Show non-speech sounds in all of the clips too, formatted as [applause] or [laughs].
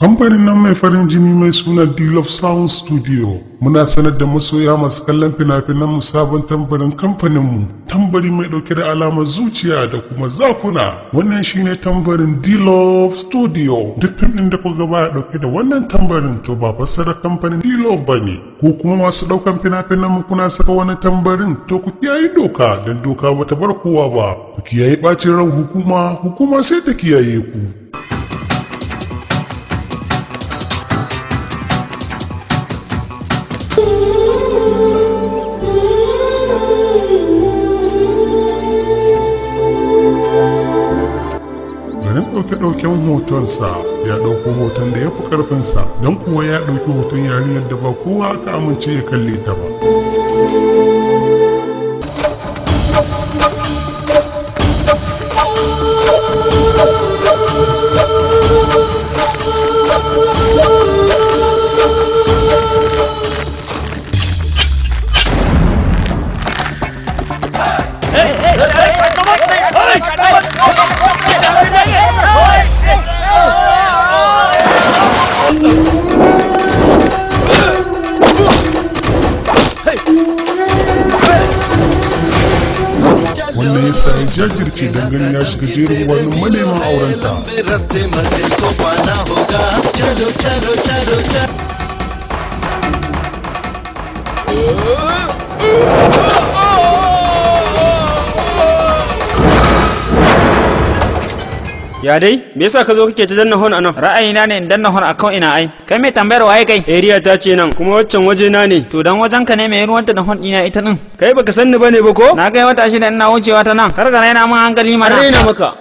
Kamfanin nan mai farin jini mai suna Deal of Sound Studio muna sanar da masoya masu kallon fina-finan mu sabon tambarin kamfaninmu tambari mai dauke da alamar zuciya da kuma zakuna wannan shine tambarin Deal of Studio duk fim din da ku gaba ya dauke da wannan tambarin to ba fassarar kamfanin Deal of ne ko kuma masu daukan fina-finan mu kuna saka wani tambarin to ku kiyaye doka dan doka bata bar kowa ba ku kiyaye bacin ran hukuma hukuma sai ta kiyaye ku. zuwansa ya ɗauko hoton da ya fi ƙarfinsa don kuwa ya ɗauki hoton yarinyar da ba kowa aka amince ya kalle ta ba sa ya jajirce don ganin ya shiga jerin wannan maneman aurenta. Oh! ya dai me yasa ka zo kake ta danna hon anan ra'ayina ne in danna hon akan ina ai kai mai tambayar wa waye kai area ta ce nan kuma waccan waje na ne to dan wajen ka ne me ta da hon ina ita din kai baka sanni bane ba ko na ga wata shi da ina wucewa ta nan kar ka raina mun hankali mana raina maka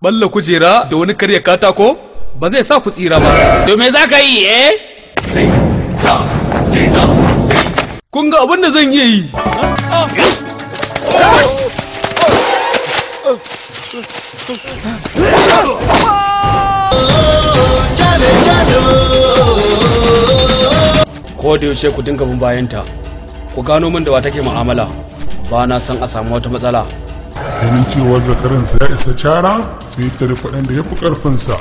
balla kujera da wani karya katako ba zai sa ku tsira ba to me za ka yi eh sai sa sai sa kun ga abin da zan iya yi ko da yaushe ku dinga bin bayanta ku gano min da wa take mu'amala ba na san a samu wata matsala ganin cewar zakaransa ya isa cara sai ya tare faɗin da ya fi ƙarfinsa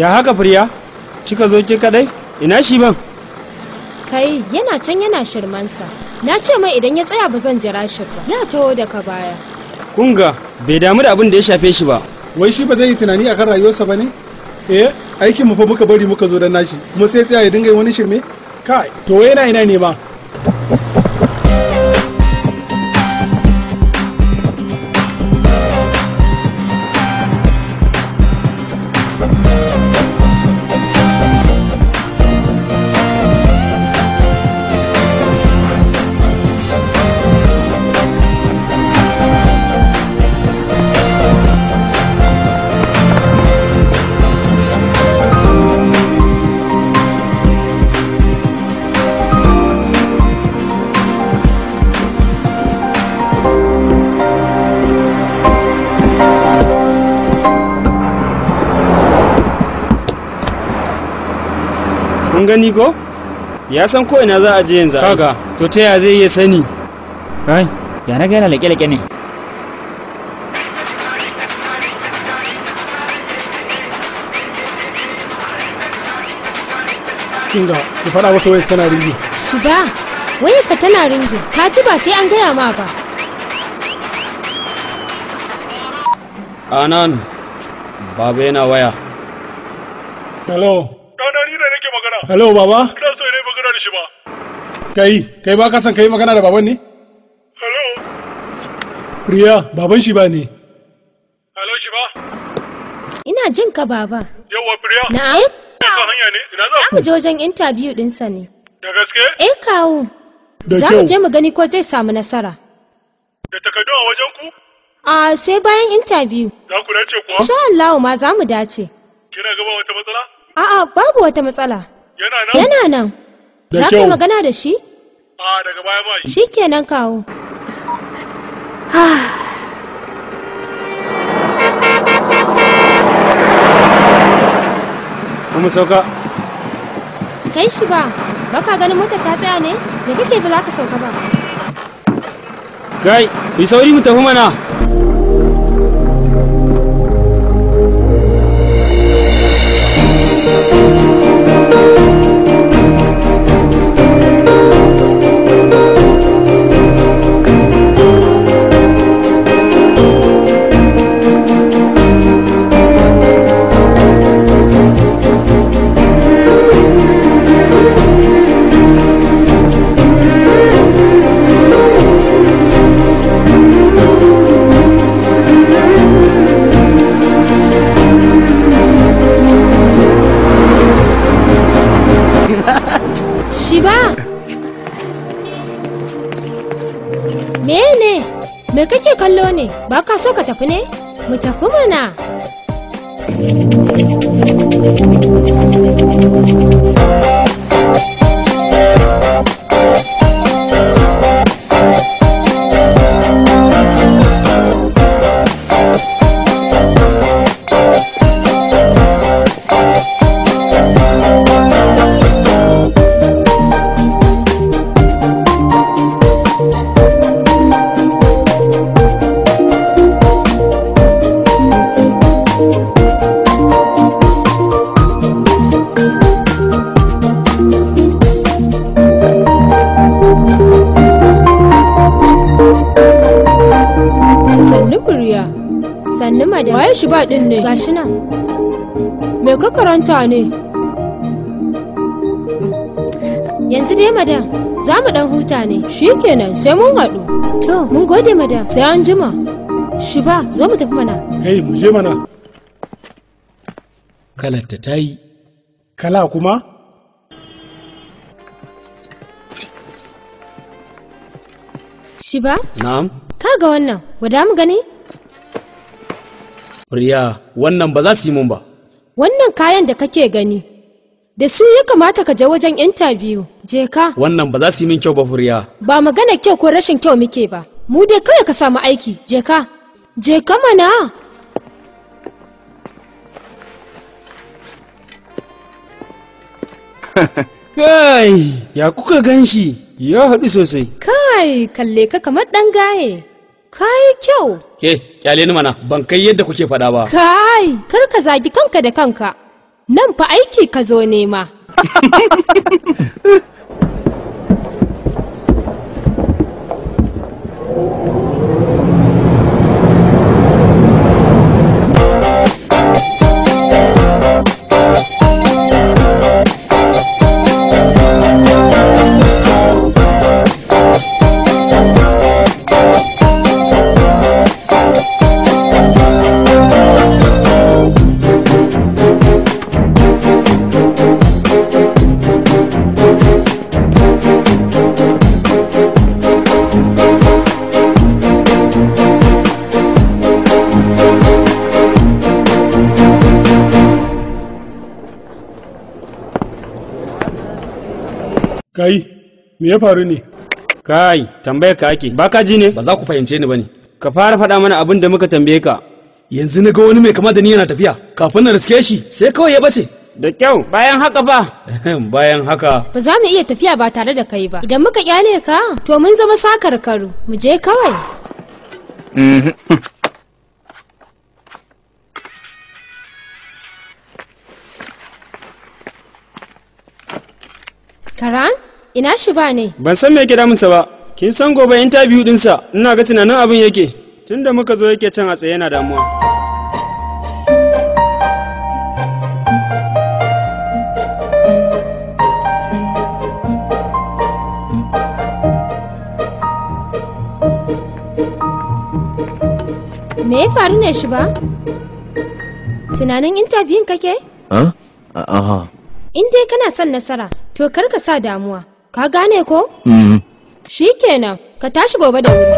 ya haka firya kika zo ke kadai ina shi ban kai yana can yana shirmansa na ce mai idan ya tsaya ba zan jira shi ba ya taho daga baya kunga bai damu da abin da ya shafe shi ba wai shi ba zai yi tunani akan rayuwarsa ba ne eh aikin mu fa muka bari muka zo dan nashi kuma sai tsaya ya dinga yin wani shirme kai to yana ina ne ba mun gani ko ya san ko ina za a je yanzu kaga to ta ya zai iya sani ai ya na yana lake-lake ne kinga ki faɗa wasu wayar tana ringi su ba ka tana ringi ka ci ba sai an gaya ma ba anan baba yana waya hello Hello baba? Ina ne magana da shi ba. Kai, kai ba ka san kai magana da baban ne? Hello. Priya, baban shi ba ne. Hello shi ba. Ina jin ka baba. Yawwa Priya. Na ai. Ka hanya ne? Ina za ku? je wajen interview din sa ne. Da gaske? Eh kawo. Da kyau. Za mu je mu gani ko zai samu nasara. Da takardu a wajen ku? A sai bayan interview. Za ku dace kuwa? Insha Allah ma za mu dace. Kina gaba wata matsala? A'a babu wata matsala. Yana nan. Za ka magana da shi? A daga baya ba shi. Shikenan kawo. Kuma sauka. Kai shi ba, baka ganin mota ta tsaya ne? Me kake ba za ka sauka ba? Kai, ku yi sauri mu tafi mana. Me kake kallo ne? Ba ka so ka tafi ne? Mu tafi mana. Joy ɗin ne gashi nan. Me ka karanta ne? Yanzu dai madam, za mu ɗan huta ne. Shi kenan sai mun haɗu. To, mun gode madam. Sai an jima. Shi ba, zo mu tafi mana. Kai, mu je mana. Kalarta ta yi. Kala kuma? Shiba? Na'am. Ka ga wannan, wada mu gani? Priya, wannan ba za su yi mun ba. Wannan kayan da kake gani, da su ya kamata ka je wajen interview, je ka. Wannan ba za su yi min kyau ba Furiya. Ba magana kyau ko rashin kyau muke ba, mu dai kawai ka samu aiki, je ka. Je ka mana. [laughs] Kai, ya kuka gan shi, ya haɗu sosai. Kai, kalle ka kamar ɗan gaye. Kai kyau. Ke, kyale ni mana, ban kai yadda kuke faɗa ba. Kai, kar ka zagi kanka da kanka. Nan fa aiki ka zo nema. [laughs] me ya faru ne kai tambayar ka ake ba ka ji ne ba za ku fahimce ni bane ka fara faɗa mana abin da muka tambaye ka yanzu na ga wani mai kama da ni yana tafiya kafin na riske shi sai kawai ya bace da kyau bayan haka ba bayan haka ba za mu iya tafiya ba tare da kai ba idan muka kyale ka to mun zama sakar karu mu je kawai mhm. Karan? ina shi ba ne ban san me yake damunsa ba kin san gobe interview dinsa ina ga tunanin abin yake tunda muka zo yake can a tsaye yana damuwa me ya faru ne shi ba tunanin intabiyun kake? aha in dai kana son nasara to kar ka sa damuwa Ka gane ko? Mm-hmm. Shi kenan, ka tashi gobe da wuri.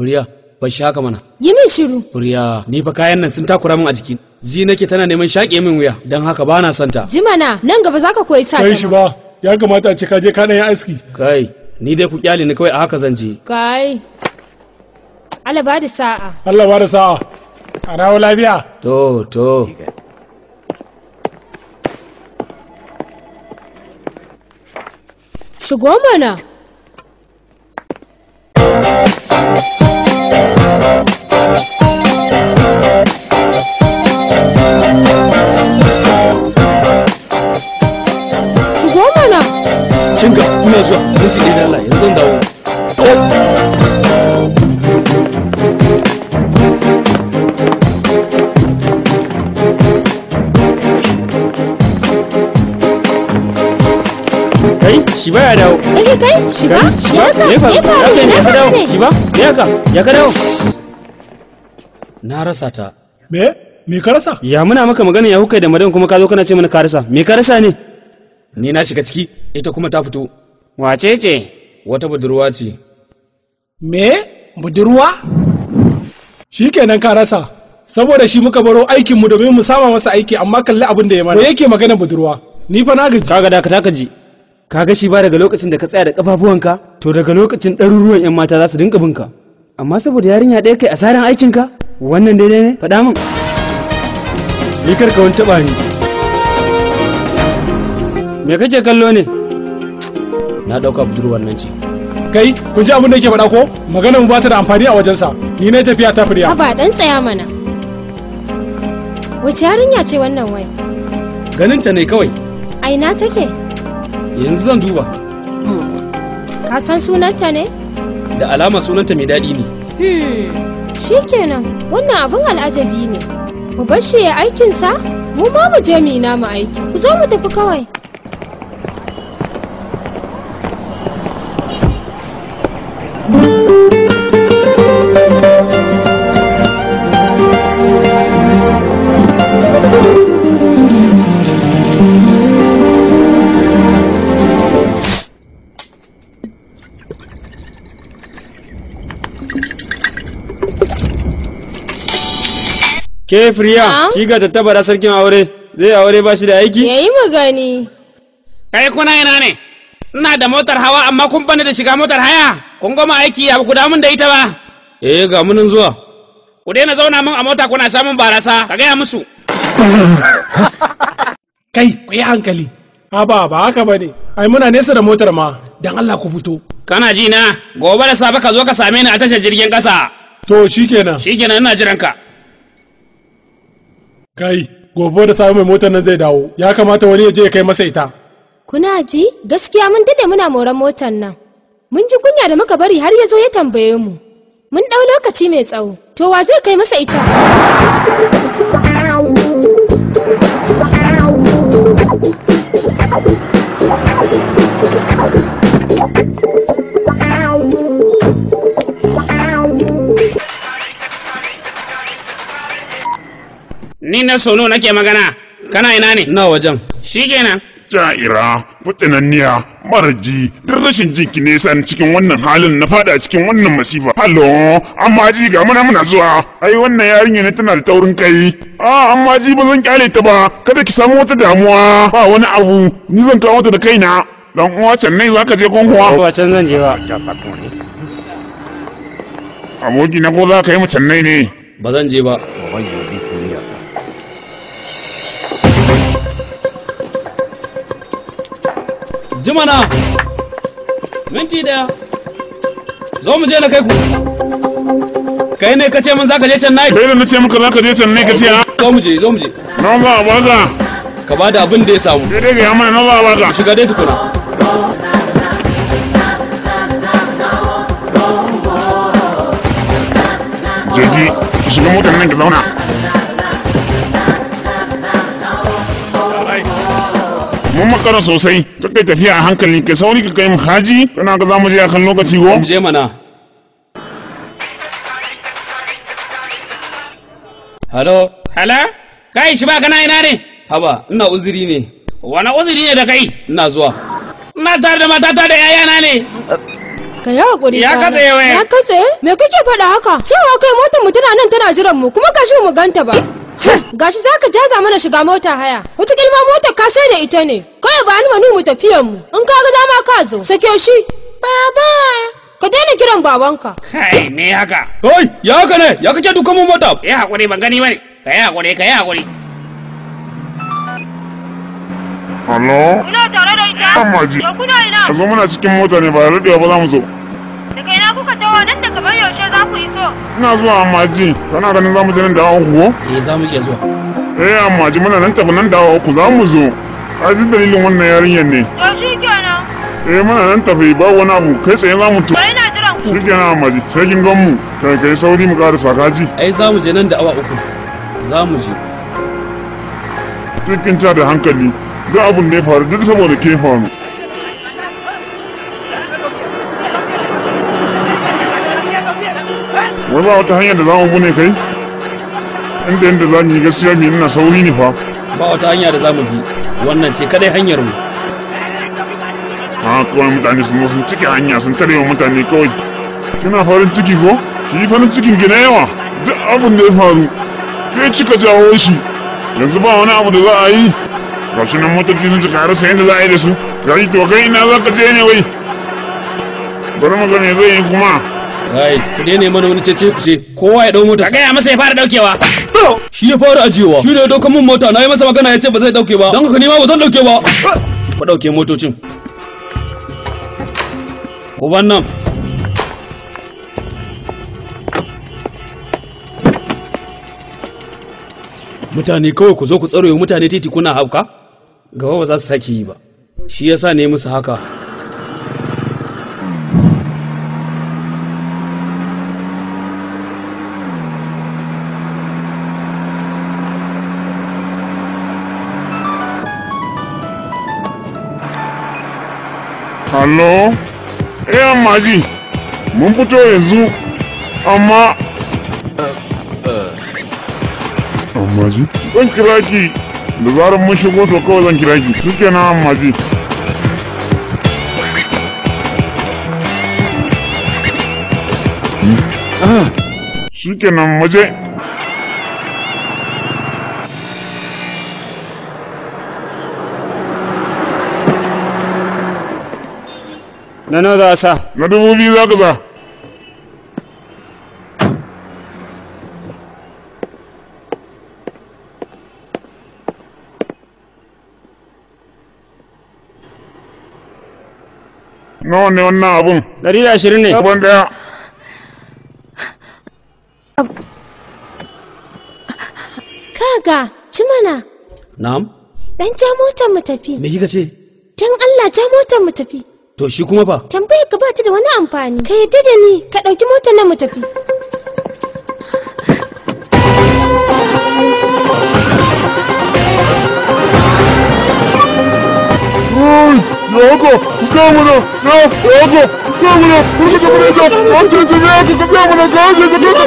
Murya, ban shi haka mana. Yi min shiru. Murya, ni fa kayan nan sun takura min a jiki. Ji nake tana neman shaƙe min wuya, don haka ba na santa. Jimana, nan gaba za ka koyi sa Kai shi ba, ya kamata a ce ka je ka yi aski. Kai, ni dai ku kyale ni kawai a haka zan je. Kai. Allah ba da sa'a. Allah ba da sa'a. a dawo labiya to to shigo mana shigo mana cinka ina zuwa minti ɗaya da Allah yanzu dawo shi ba ya dawo kai kai shi ba ya ka ya ne ya ka dawo shi ba ya ka ya ka dawo na rasa ta me me ka rasa ya muna maka magana ya hukai da madan kuma ka zo kana ce mana ka rasa me ka rasa ne ni na shiga ciki ita kuma ta fito wace ce wata budurwa ce me budurwa shikenan ka rasa saboda shi muka baro aikinmu domin mu sama masa aiki amma kalli abin da ya mana yake magana budurwa ni fa na gaji kaga da ka ji Ka ga shi ba daga lokacin da ka tsaya da kafafuwanka to daga lokacin ɗaruruwan 'yan mata za su dinka binka amma saboda yarinya ɗaya kai asarar aikinka wannan daidai ne faɗa min ni karka wani taɓa ni me kake kallo ne na ɗauka budurwar nan ce kai kun ji abin da yake faɗa ko maganar mu ba ta da amfani a wajensa ni na tafiya ta firiya ba dan tsaya mana wace yarinya ce wannan wai ganin ta ne kawai aina take yanzu zan duba hmm. ka san sunanta ne da alama sunanta mai daɗi ne hmm. kenan wannan abin al'ajabi ne mu bar shi ya aikinsa mu ma mu je mina mu aiki ku zo mu tafi kawai Ke Firiya, shi ga tattabara sarkin aure, zai aure ba shi da aiki? ya yi magani. Kai kuna yana ne? Ina da motar hawa amma kun bani da shiga motar haya. Kun goma aiki ya ku damun da ita ba. Eh ga munin zuwa. Ku daina zauna min a mota kuna sha barasa, ka gaya musu. [laughs] Kai, ku yi hankali. Haba ba haka ba ne, ai muna nesa da motar ma, don Allah ku fito. Kana ji na, gobe da safe ka zo ka same ni a tashar jirgin ƙasa. To shi kenan shi kenan ina jiran ka. Kai, gobe da sabon mai motar nan zai dawo. Ya kamata wani ya je ya kai masa ita. Kuna ji? Gaskiya mun dade muna moran motar nan. Mun ji kunya da muka bari har ya zo ya tambaye mu. Mun ɗau lokaci mai tsawo. To wa zai kai masa ita? Thank you. ni na sono nake magana kana ina ne na wajen shikenan ja'ira fitinanniya maraji duk rashin jinki ne san cikin wannan halin na fada cikin wannan masifa hallo amma ji ga muna muna zuwa ai wannan yarinya ne tana da taurin kai a amma ji ba zan kyale ta ba kada ki samu wata damuwa ba wani abu ni zan kawo ta da kaina dan uwa can ne zaka je kon kuwa ba can zan je ba aboki na ko za ka yi mu can ne ba zan je ba jimana minti daya zo mu je na kai ku kai ne ka ce min zaka je can nai kai ne na ce maka zaka je can nai ka ce ah. zo mu je zo mu je na ba ba za ka bada abin da ya samu dai dai ga mana na ba ba za shiga dai tukuna jeji shiga motar nan ka zauna mun makara sosai ka kai tafiya a hankali kai sauri ka kai mu haji kana za mu je a kan lokaci go je mana halo hala kai shi ba kana ina ne haba ina uzuri ne wani uzuri ne da kai ina zuwa ina tare da matata da yayana ne ka yi hakuri ya katse ya katse me kake faɗa haka cewa kai motar mu tana nan tana jiran mu kuma ka shi mu ganta ba gashi za ka jaza mana shiga mota haya wata ma motar ka sai da ita ne kawai ba ni manu mu tafiyan mu in ka ga dama ka zo sake shi baba ka daina kiran babanka kai me haka oi ya haka ne ya kace dukan mu mota eh hakuri ban gani bane kai hakuri kai hakuri Allo? Kuna tare da ita? Amma ji. Kuna ina? Zo muna cikin mota ne ba da daɗewa ba za mu zo. ina zuwa amaji kana ganin zamu je nan da awa uku ko eh, za mu iya zuwa eh amaji muna nan tafi nan da awa uku mu zo ji dalilin wannan yarinyar ne to na. eh muna nan tafi ba wani abu kai tsaye mu tu bai ina jiran ku shikenan amaji sai kin gan mu kai kai sauri mu karasa kaji ai mu je nan da awa uku Za mu je cikin ta da hankali duk abun da ya faru duk saboda ke faru wai ba wata hanyar da za mu bune kai inda yadda za mu yi gaskiya mai nuna sauri ne fa ba wata hanya da za mu bi wannan ce kadai hanyar mu a kawai mutane sun zo sun cike hanya sun tare wa mutane kawai kina farin ciki ko ki yi farin cikin gina yawa duk abin da ya faru ke kika jawo shi yanzu ba wani abu da za a yi ga shi nan motoci sun cika rasa yadda za a yi da su ga yi to kai ina za ka je ne wai bari mu zai yi kuma Hai, ku ne mana wani cece ku ce kowa ya dau mota. Ka gaya masa ya fara daukewa. Shi ya fara ajiyewa. Shi ne ya dauka mun mota na yi masa magana ya ce ba zai dauke ba. Don haka ni ma ba zan dauke ba. Ku dauke motocin. Ku ban nan. Mutane kawai ku zo ku tsaro mutane titi kuna hauka? Gaba ba za su sake yi ba. Shi yasa ne musu haka. Hallo? Eh, Maji, mun fito yanzu, amma... ji? Oh, zan kira ki, da zarar mun shigo to kawai zan kira ki, na amma ji. suke na maje. na nawa za a sa na dubu biyu za ka sa nawa ne wannan abun Dari da ashirin ne abun ɗaya kaga cimana. na'am dan ja motar mu tafi me kika ce dan Allah ja motar mu tafi To shi kuma fa? Tambayar lah, ka ba ta da wani amfani. Ka yadda da ni, ka ɗauki motar nan mu tafi. Yawako, ku sa mu na, sa, yawako, ku sa mu na, ku sa mu na, ka, an ce ta biya ka, ku sa mu na, ka, an ce ta biya ka, ku sa mu na, ka, an ce ta biya ka, ku sa mu na, ka, an ce ta biya ka, ku sa mu na, ka, an ce ta biya ka, ku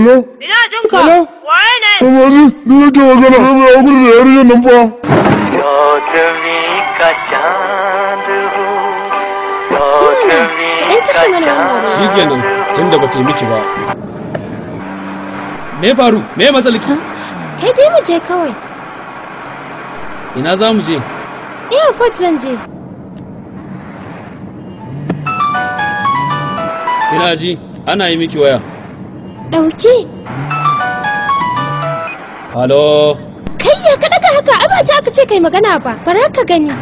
sa mu na, ka, an Amani, ni nake magana. Ni mai hakuri da yarinyar nan fa. Chaudhary ka chand ho. Chaudhary ka chand. Shi kenan, ba ta miki ba. Me faru? Me Kai dai mu je kawai. Ina za mu je? Iya Fort zan je. Ina ji, ana yi miki waya. Ɗauki. Halo? Kai ya kaɗa ka haka, a ba ce aka ce kai magana ba, bara ka gani.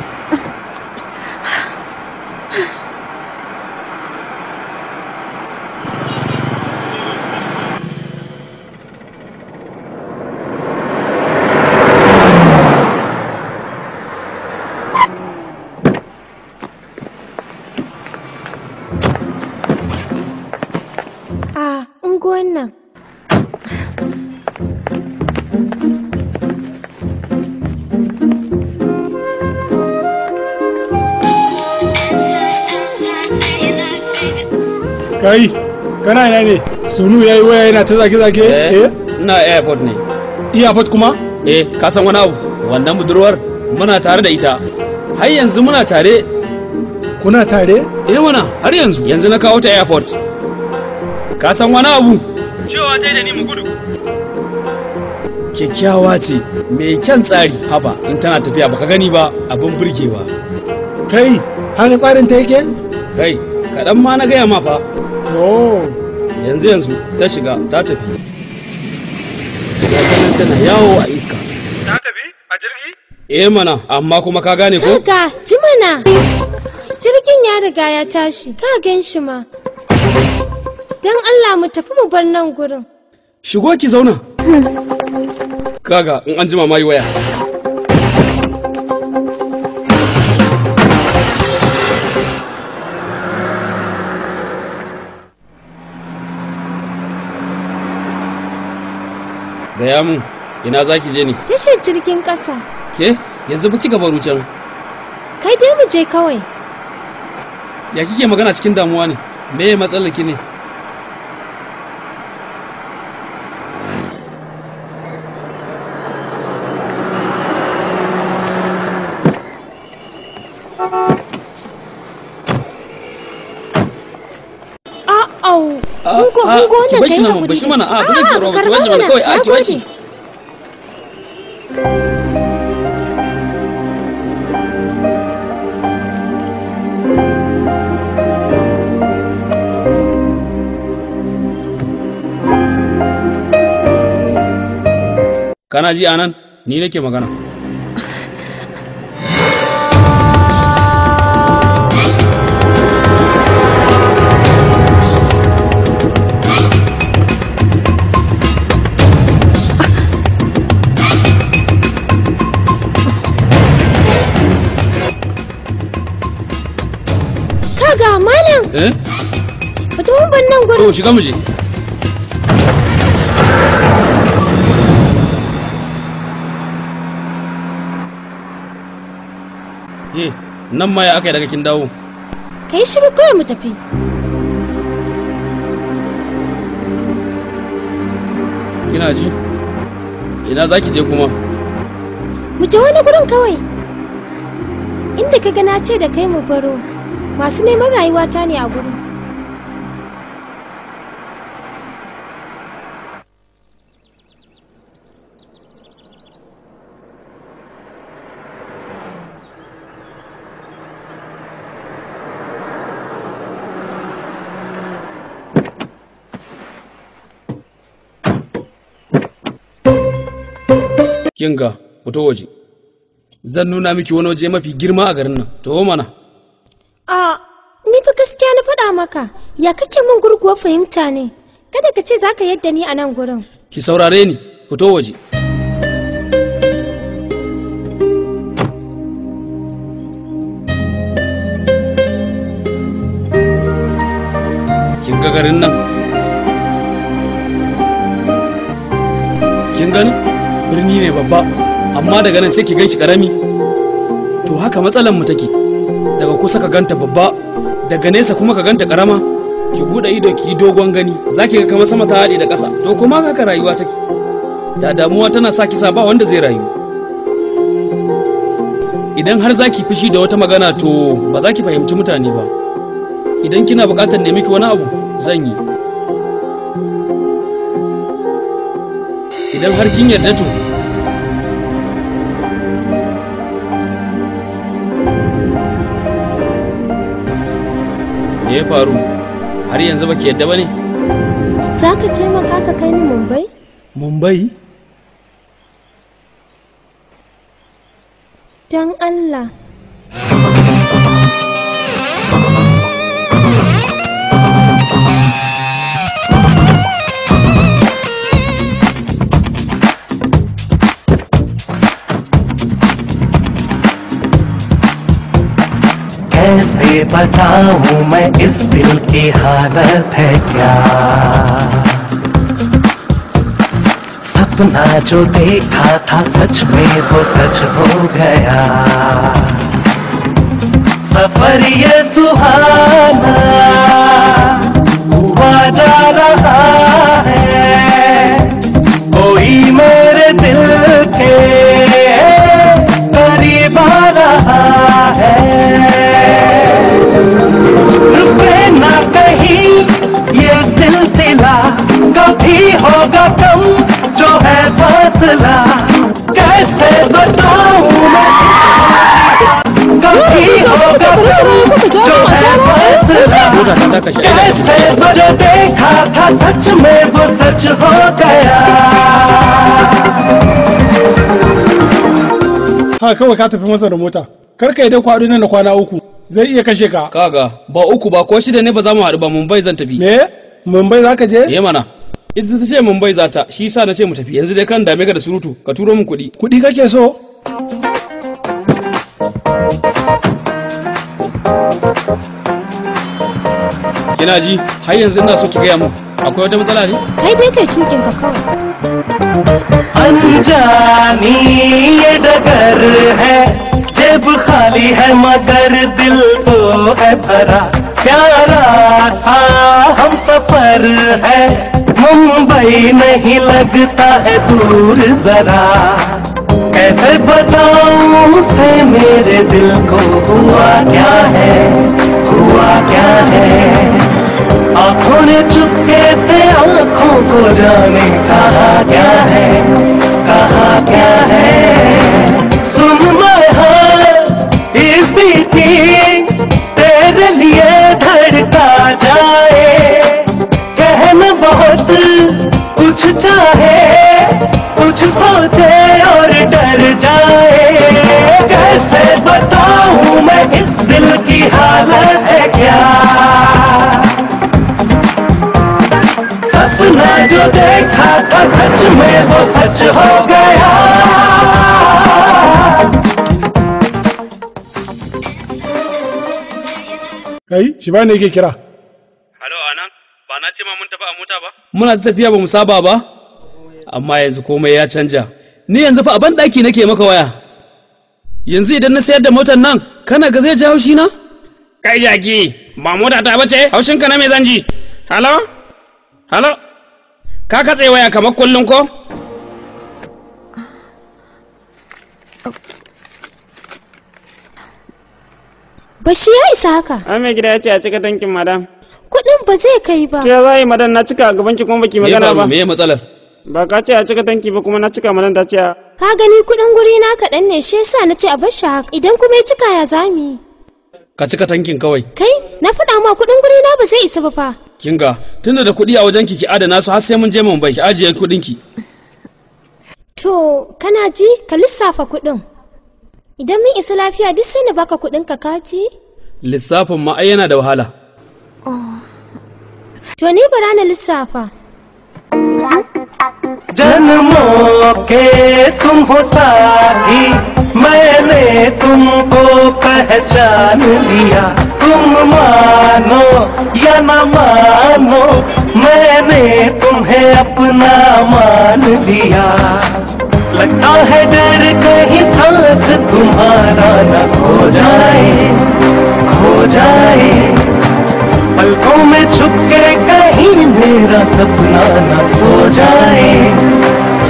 kai kana ina ne sunu yayi waya yana ta zage zage eh, eh ina airport ne airport kuma eh ka san wani abu wannan budurwar muna tare da ita har yanzu muna tare kuna tare eh wana har yanzu yanzu na kawo ta airport ka san wani abu cewa dai da ni mu gudu kyakkyawa ce mai kyan tsari haba in tana tafiya baka gani ba abin burgewa kai har tsarin ta yake kai kaɗan ma na gaya ma fa yanzu yanzu ta shiga ta tafi tana yawo a iska ta tafi a jirgi eh mana amma kuma ka gane ko ka ji mana jirgin ya riga ya tashi ka gan shi ma don allah mu tafi mu bar nan gurin shigo ki zauna kaga in an jima mai waya Gaya mun, ina za ki je ni. Tashar jirgin ƙasa. Ke, yanzu ba ga gaba Kai dai mu je kawai. Ya kike magana cikin damuwa ne? Me matsalar ki ne? ka mana a ah, bari ki kawai a ah, kana ji anan ni nake magana eh Ato ban nan gurin to shiga muje ye nan ma ya aka yi daga kin dawo kai shiru kawai mu tafi kina ji ina za ki je kuma mu je wani gurin kawai inda ka gana ce da kai mu baro masu neman ta ne a gurin kinga fito waje zan nuna miki wani waje mafi girma a garin nan to mana A, ni fa gaskiya na faɗa maka, ya kake min gurguwa fahimta ne, kada ka ce za ka yadda ni a nan gurin. Ki saurare ni, fito waje. Kin ga garin nan? Kin gani? Birni ne babba, amma daga nan sai ki gan shi ƙarami. To haka matsalar mu take. daga kusa ka ganta babba daga nesa kuma ka ganta karama ki bude ido ki dogon gani zaki ga kamar sama ta haɗe da ƙasa to kuma haka rayuwa take da damuwa tana sa kisa ba wanda zai rayu idan har zaki fushi da wata magana to ba za fahimci mutane ba idan kina buƙatar nemi ki wani abu zan yi idan har kin yarda to me ya faru har yanzu ba ke yadda ba ne za ka taimaka ka kai ni mumbai mumbai don allah बताऊं मैं इस दिल की हालत है क्या सपना जो देखा था सच में वो सच हो गया सफर ये सुहाना जा रहा है कोई मेरे दिल के करीब आ रहा होगा कम जो है फासला कैसे बताऊं कैसे जो देखा था सच में वो सच हो गया Ha kawai ka tafi masa da mota kar ka yi da kwaɗo nan da kwana uku zai iya kashe ka kaga ba uku ba ko shida ne ba za mu haɗu ba mumbai zan tafi me mumbai za ka je ye eh, mana ita ta ce mun bai zata shi yasa na ce mu tafi yanzu dai kan dame ka da surutu ka turo m u n kuɗi kuɗi kake so kina ji har yanzu ina so ki gaya m u n akwai wata matsala ne kai dai kai tukin ka kawai अनजानी ये डगर है जेब खाली है मगर दिल तो है भरा प ् य ा र ा हम सफर है मुंबई नहीं लगता है दूर जरा कैसे बताऊं उसे मेरे दिल को हुआ क्या है हुआ क्या है आंखों ने चुपके से आंखों को जाने कहा क्या है कहा क्या है कुछ चाहे कुछ सोचे और डर जाए कैसे बताऊं मैं इस दिल की हालत है क्या सपना जो देखा था सच में वो सच हो गया नहीं ಶಿವಾನಿಗೆ किरा muna tafiya ba mu saba ba amma yanzu komai ya canja ni yanzu fa a ban ɗaki nake maka waya yanzu idan na sayar da motar nan kana ga zai ji haushi na kai jaki ba mota ta bace ka na zan zanji halo halo ka katse waya kamar kullum ko Bashi ya isa haka. Ame gida ya ce a cika tankin madam. kuɗin ba zai kai ba to ya yi madan na cika a gaban ki kuma baki magana ba me matsalar ba ka ce a cika tanki ba kuma na cika madan ta ce ka gani kudin guri na kaɗan ne shi yasa na ce a bar shi idan kuma ya cika ya zami ka cika tankin kawai kai na faɗa ma kudin guri na ba zai isa ba fa kinga tunda da kuɗi a wajen ki ki adana su har sai mun je mun bai ki ajiye kuɗin ki to kana ji ka lissafa kuɗin idan mun isa lafiya duk sai na baka kuɗin ka kaci lissafin ma ai yana da wahala Tony Baran Al जन्मों के तुम हो साथी मैंने तुमको पहचान लिया तुम मानो या न मानो मैंने तुम्हें अपना मान लिया लगता है डर कहीं साथ तुम्हारा न खो जाए खो जाए पलकों में छुप के कहीं मेरा सपना न सो जाए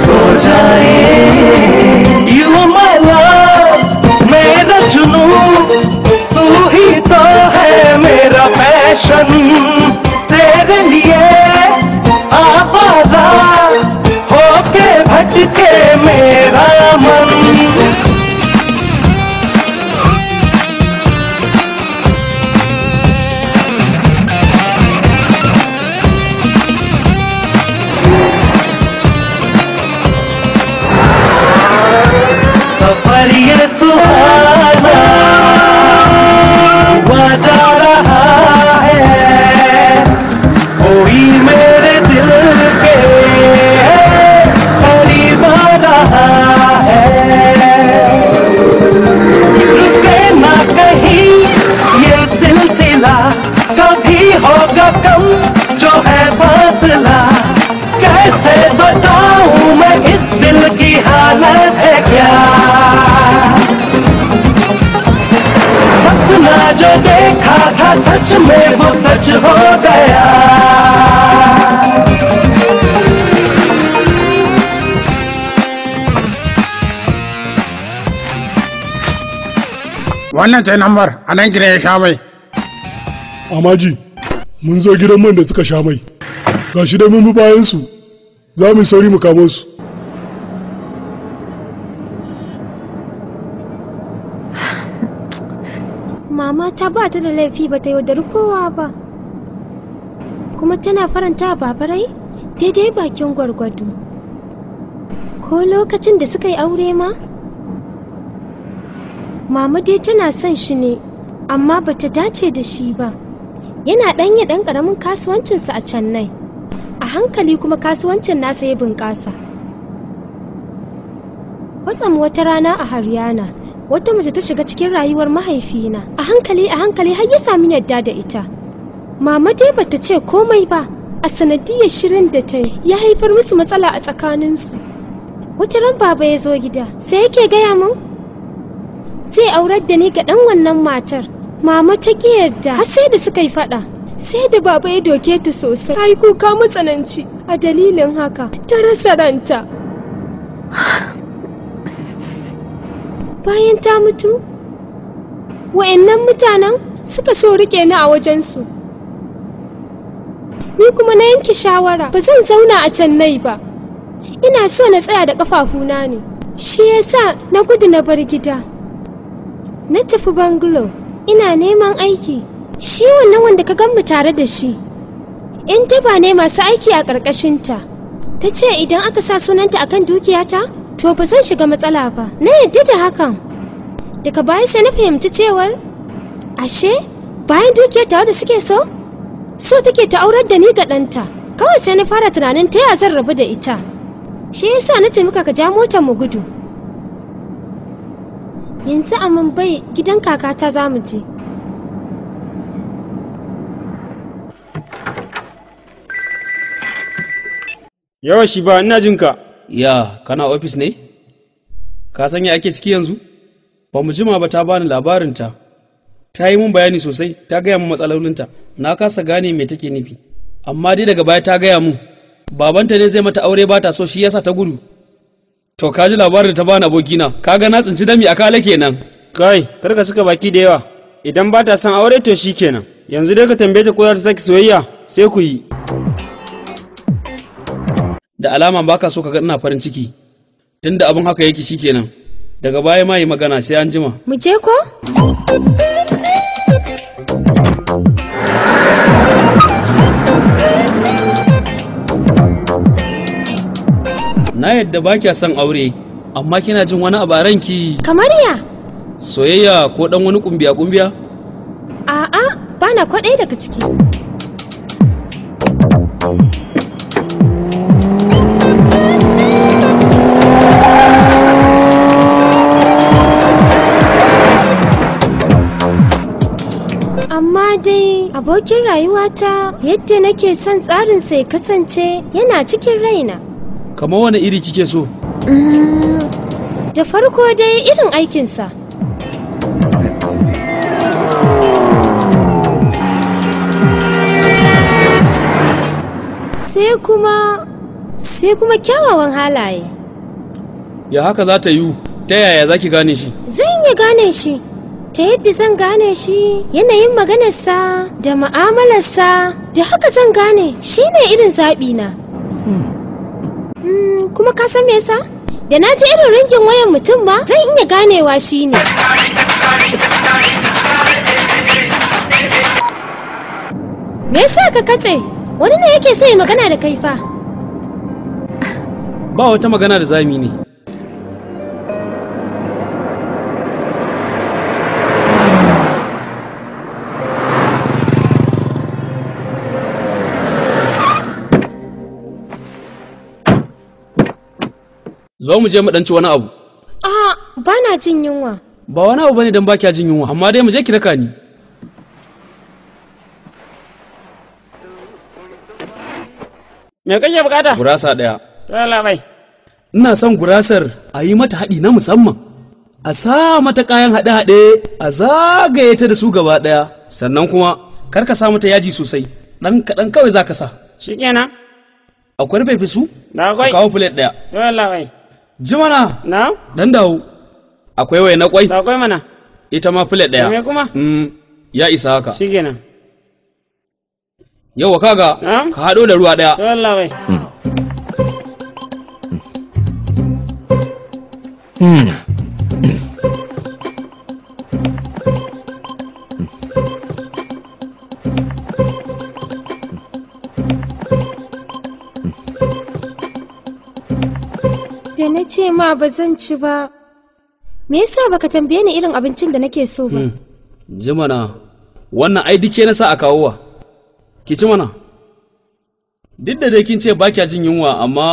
सो जाए यू माला मेरा चुनू तू ही तो है मेरा पैशन तेरे लिए आबादा होके भटके मेरा मन सच में वो सच हो गया wannan ce lambar a nan gida ya sha mai amaji mun zo gidan man da suka sha mai ga shi da mun bi bayansu za mu sauri mu kamo su mama ta ba ta da laifi ba ta yaudari kowa ba kuma tana faranta babarai daidai bakin gwargwado ko lokacin da suka yi aure ma mama dai tana son shi ne amma ba ta dace da shi ba yana ɗanye ɗan ƙaramin kasuwancinsa a can a hankali kuma kasuwancin nasa ya bunƙasa kwatsam wata rana a haryana wata mace ta shiga cikin rayuwar mahaifina a hankali a hankali har ya sami yadda da ita mama dai bata ce komai ba a sanadiyar shirin da ta ya haifar musu matsala a tsakaninsu wata ran baba ya zo gida sai yake gaya min zai aurar da ni ga ɗan wannan matar mama ta ki yarda har sai da suka yi faɗa sai da baba ya doke ta sosai ta yi kuka matsananci a dalilin haka ta rasa ranta bayan ta mutu wa'annan mutanen suka so rike ni a wajensu ni kuma na yanke shawara ba zan zauna a cannai ba ina so na tsaya da ƙafafuna ne shi ya sa na gudu na bar gida na tafi bangalo ina neman aiki shi wannan wanda ka gan mu tare da shi yan taba ne masu aiki a ƙarƙashinta ta ce idan aka sa sunanta a kan dukiyata to ba zan shiga matsala ba na yadda da hakan daga baya sai na fahimci cewar ashe bayan dukiyar tawa da suke so so take ta aurar da ni ga ɗanta kawai sai na fara tunanin ta ya zan rabu da ita shi yasa na ce muka ka ja motar mu gudu yanzu a bai gidan kakata za mu je yawa shi ba ina jinka Ya, kana ofis ne? Ka san ya ake ciki yanzu? Ba mu jima ba ta bani labarinta. Ta yi mun bayani sosai, ta gaya mun matsalolinta. Na kasa gane me take nufi. Amma dai daga baya ta gaya mun. Babanta ne zai mata aure ba ta so shi yasa ta gudu. To ka ji labarin ta bani abokina, ka ga na tsinci dami a kala kenan. Kai, kar ka cika baki da yawa. Idan ba ta son aure to shi kenan. Yanzu dai ka tambaye ta ko za ta saki soyayya, sai ku yi. da alama baka so ka ga ina farin ciki tunda abin haka yake kenan. daga baya ma yi magana sai an jima mu je ko na yadda ba kya son aure amma kina jin wani abu a ranki kamar ya soyayya ko dan wani kumbiya kumbiya a'a bana kwaɗai daga ciki abokin rayuwata yadda nake son tsarin sai kasance yana cikin raina kama wani iri kike so mm, da farko dai irin aikinsa sai kuma sai kuma kyawawan halaye ya haka za ta yiwu ta yaya za ki gane shi zan iya gane shi ta yadda zan gane shi yanayin maganarsa da ma'amalarsa da haka zan gane shi ne irin zaɓina hmm, kuma ka san me da na ji irin rinkin wayan mutum ba zan iya ganewa shi ne me yasa ka katse wani ne yake so ya magana da kai ba wata magana da zami ne za mu je mu danci wani abu a ba na jin yunwa ba wani abu bane dan ba kya jin yunwa amma dai mu je ki raka ni me kake bukata gurasa daya yalla mai. ina son gurasar a yi mata haɗi na musamman a sa mata kayan haɗe-haɗe a zagaye ta da su gaba ɗaya sannan kuma kar ka sa mata yaji sosai ɗan kaɗan kawai za ka sa shikenan akwai rufe su da akwai kawo plate ɗaya to yalla Ji mana? Na? Dan dawo. Akwai wai na kwai? Da kwai mana. Ita ma filet ɗaya. Me kuma? Mm, ya isa haka. Shi Shikenan. Yau kaga ka haɗo da ruwa ɗaya. Wallah wai. Hmm. hmm. ce ma ba zan ci ba. Me yasa baka tambaye ni irin abincin da nake so ba? Hmm. Ji mana, wannan ai dike na sa a kawo wa. Ki ci mana. Duk da dai kin ce ba kya jin yunwa amma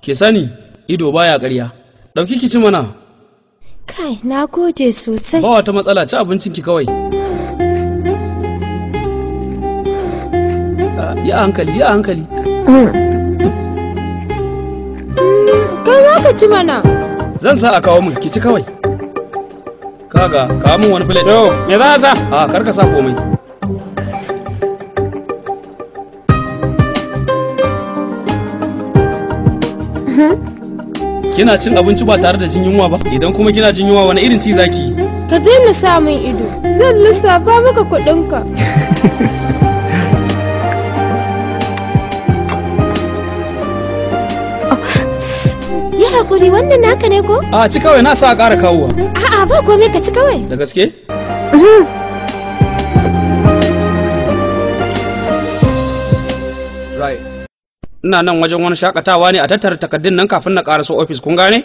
ke sani ido baya ƙarya. Ɗauki ki ci mana. Kai, na gode sosai. Ba wata matsala ci abincin ki kawai. Ya hankali, ya hankali. Hmm. Kai ma ka ci mana. Zan sa a kawo min, ki kawai. Kaga, kawo min wani plate. To, me za sa? A, kar ka sa komai. Mhm. Kina cin abinci ba tare da jin yunwa ba? Idan kuma kina jin yunwa wani irin ci zaki yi? Ka daina sa min ido. Zan lissafa maka kuɗinka. [laughs] hakuri wannan naka ne ko? A ci kawai na sa a ƙara kawowa. A'a ba komai ka ci kawai. Da gaske? Mhm. Ina nan wajen wani shakatawa ne a tattara takardun nan kafin na ƙaraso ofis kun gane?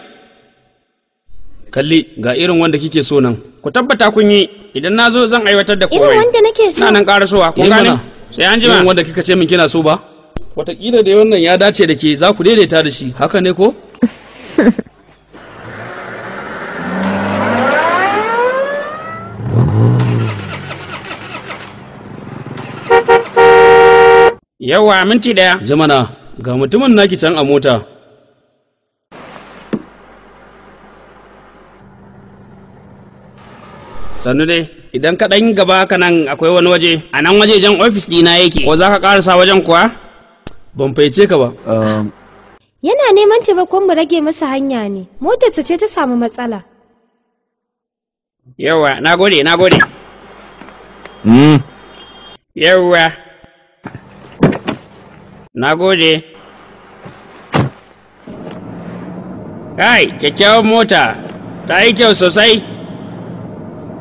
Kalli ga irin wanda kike so nan. Ku tabbata kun yi idan na zo zan aiwatar da kowai Irin wanda nake so. Ina nan ƙarasowa kun eh, gane? Sai an jima. Irin wanda kika ce min kina so ba? Wataƙila dai wannan ya dace da ke za ku daidaita da shi haka ne ko? [laughs] Yawwa minti ɗaya. Jamana, ga mutumin naki can a mota. Sannu dai, idan ka ɗan gaba ka nan akwai wani waje, a nan waje jan ofis ɗina yake, ko za ka ƙarasa wajen kuwa? Ban fahimce ka ba. Um, yana neman taimakon mu rage masa hanya ne motarsa ce ta samu matsala yawa na gode na gode mm. yawa na gode kai kyakkyawan mota ta yi kyau sosai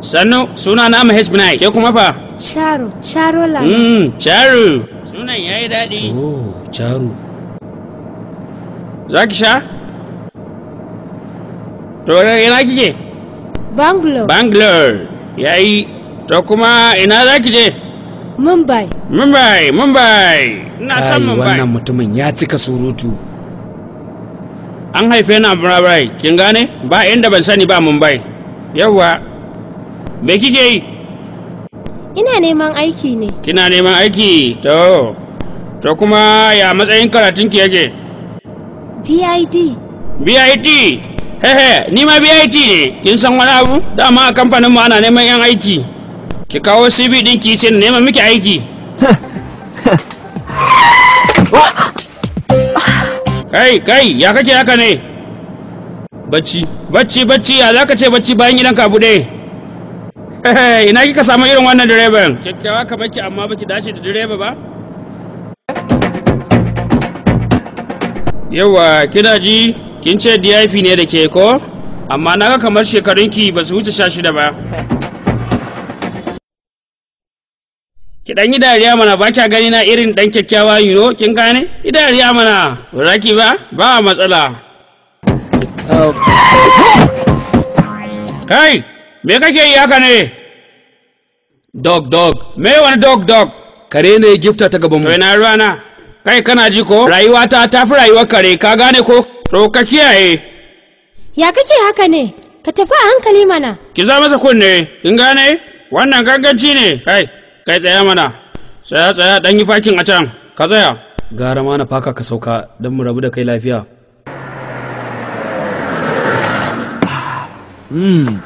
sannu suna na mahesh binai ke kuma fa charo charo la mm, charo sunan ya yi daɗi oh charo zaki sha to ina kike bangalore bangalore yayi to kuma ina za je mumbai mumbai mumbai ina san mumbai wannan mutumin ya cika surutu an haife ni a mumbai kin gane ba inda ban sani ba mumbai yawwa me kike yi ina neman aiki ne kina neman aiki to to kuma ya matsayin ki yake VIT. VIT? Hehe, ni ma VIT ne. Kin san wani abu? Dama a kamfanin mu ana neman 'yan aiki. Ki kawo CV din ki sai neman miki aiki. Kai, kai, ya kake haka ne? Bacci, bacci, bacci, ya zaka ce bacci bayan gidan ka bude. Ina kika samu irin wannan direban? Kyakkyawa kamar ki amma baki dace da direba ba? Yauwa, kina ji kin ce DIP ne da ke ko amma na ga kamar shekarunki ba su wuce sha shida ba ki dan yi dariya mana ba kya gani na irin dan kyakkyawa yino kin gane yi dariya mana raki ba ba matsala kai me kake yi haka ne dog dog me wani dog dog kare ne gifta ta gaban mu to ina kai kana ji ko rayuwata ta fi rayuwar kare ka gane ko to ka kiyaye ya kake haka ne ka tafi a hankali mana ki za masa kunne kin gane wannan ganganci ne kai kai tsaya mana tsaya tsaya dan yi fakin a can ka tsaya gara ma na faka ka sauka don mu rabu da kai lafiya hmm.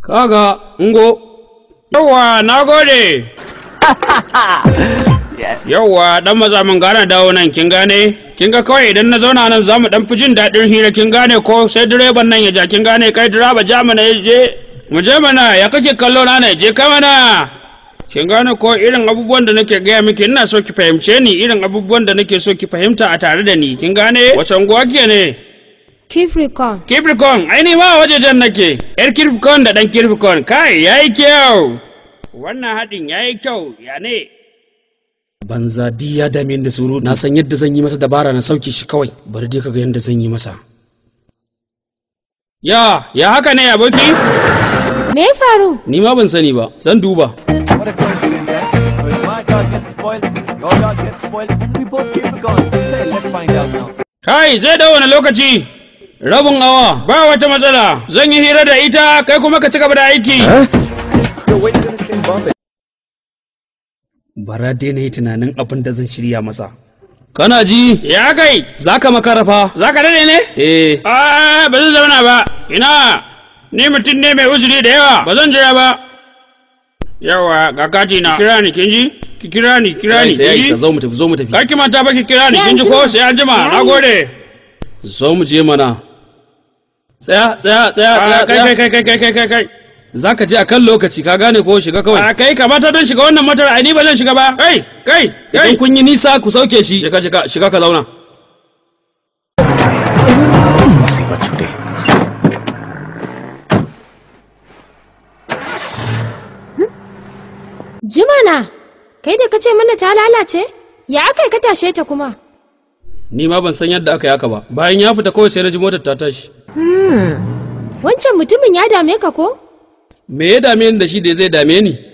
kaga ngo yawa na gode Yauwa dan maza mun gane dawo nan kin gane? Kin ga kawai idan na zauna nan zamu dan fi jin daɗin hira kin gane ko sai direban nan ya ja kin gane kai direba ja mana ya je. Mu je mana ya kake kallo na ne je ka mana. Kin gane ko irin abubuwan da nake gaya miki ina so ki fahimce ni irin abubuwan da nake so ki fahimta a tare da ni kin gane? Wace unguwa ke ne? Kifrikon. Kifrikon! ainihin ma wajejen nake. Yar Kifrikon da ɗan Kifrikon kai yayi kyau. wannan haɗin ya yi kyau ya ne banza di ya dame da surutu na san yadda zan yi masa dabara na sauke shi kawai bari dai kaga yadda zan yi masa ya ya haka ne aboki me faru ni ma ban sani ba zan duba eh? kai zai da wani lokaci rabin awa ba wata matsala zan yi hira da ita kai kuma ka ci gaba da aiki eh? bara daina yi tunanin abin da zan shirya masa kana ji ya kai za ka makarafa za ka daɗe ne eh a ba zan zauna ba ina ni mutum ne mai uzuri da yawa ba zan jira ba yawa ga kati na kira ni kin ji ki kira ni kira ni sai ya zo mu tafi zo mu tafi kaki mata ba ki kira ni kin ji ko sai an jima nagode zo mu je mana tsaya tsaya tsaya tsaya ah, kai kai kai kai kai kai kai za ka je a kan lokaci ka gane ko shiga kawai a kai ka bata don shiga wannan matar ai ni ba zan shiga ba kai kai kai idan kun yi nisa ku sauke shi shiga shiga shiga ka zauna Jimana, kai da kace mana ta lalace? Ya aka ka tashe ta kuma? Ni ma ban san yadda aka yaka ba. Bayan ya fita kawai sai na ji motar ta tashi. Hmm. Wancan mutumin ya dame ka ko? me ya dame ni da shi da zai dame ni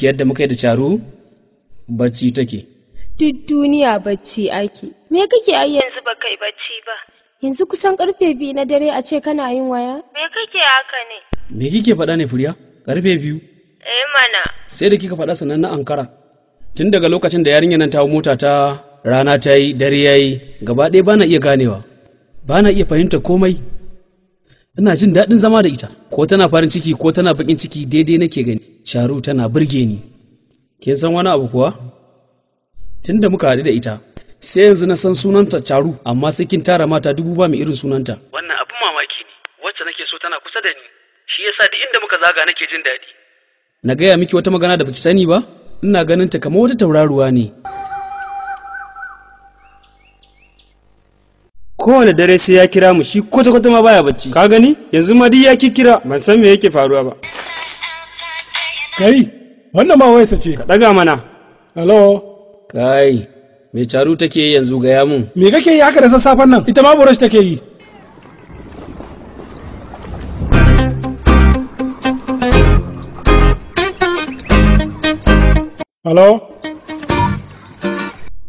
take yadda muka yi da caru bacci take duk duniya bacci ake me kake ai yanzu ba kai bacci ba yanzu kusan karfe biyu na dare a ce kana yin waya me kake haka ne me kike faɗa ne furiya karfe biyu eh mana sai da kika faɗa sannan na ankara tun daga lokacin da yarinyar nan ta mota ta rana ta yi dare yayi, gaba ɗaya bana iya ganewa bana iya fahimta komai ina jin daɗin zama da ita ko tana farin ciki ko tana bakin ciki daidai nake gani sharu tana burge ni kin san wani abu kuwa tunda muka haɗu da ita sai yanzu na san sunanta charu amma sai kin tara mata dubu ba mai irin sunanta wannan abin mamaki ne wacce nake so tana kusa da ni shi yasa duk inda muka zaga nake jin daɗi na gaya miki wata magana da baki sani ba ina ganin ta kamar wata tauraruwa ne kowane dare sai ya kira mu shi kwata-kwata ma baya bacci ka gani yanzu ma duk ya kira ban san me yake faruwa ba kai wannan ma wayarsa ce ka daga mana hello kai me charu take yi yanzu gaya mun me kake yi haka da sassafen nan ita ma burush take yi hello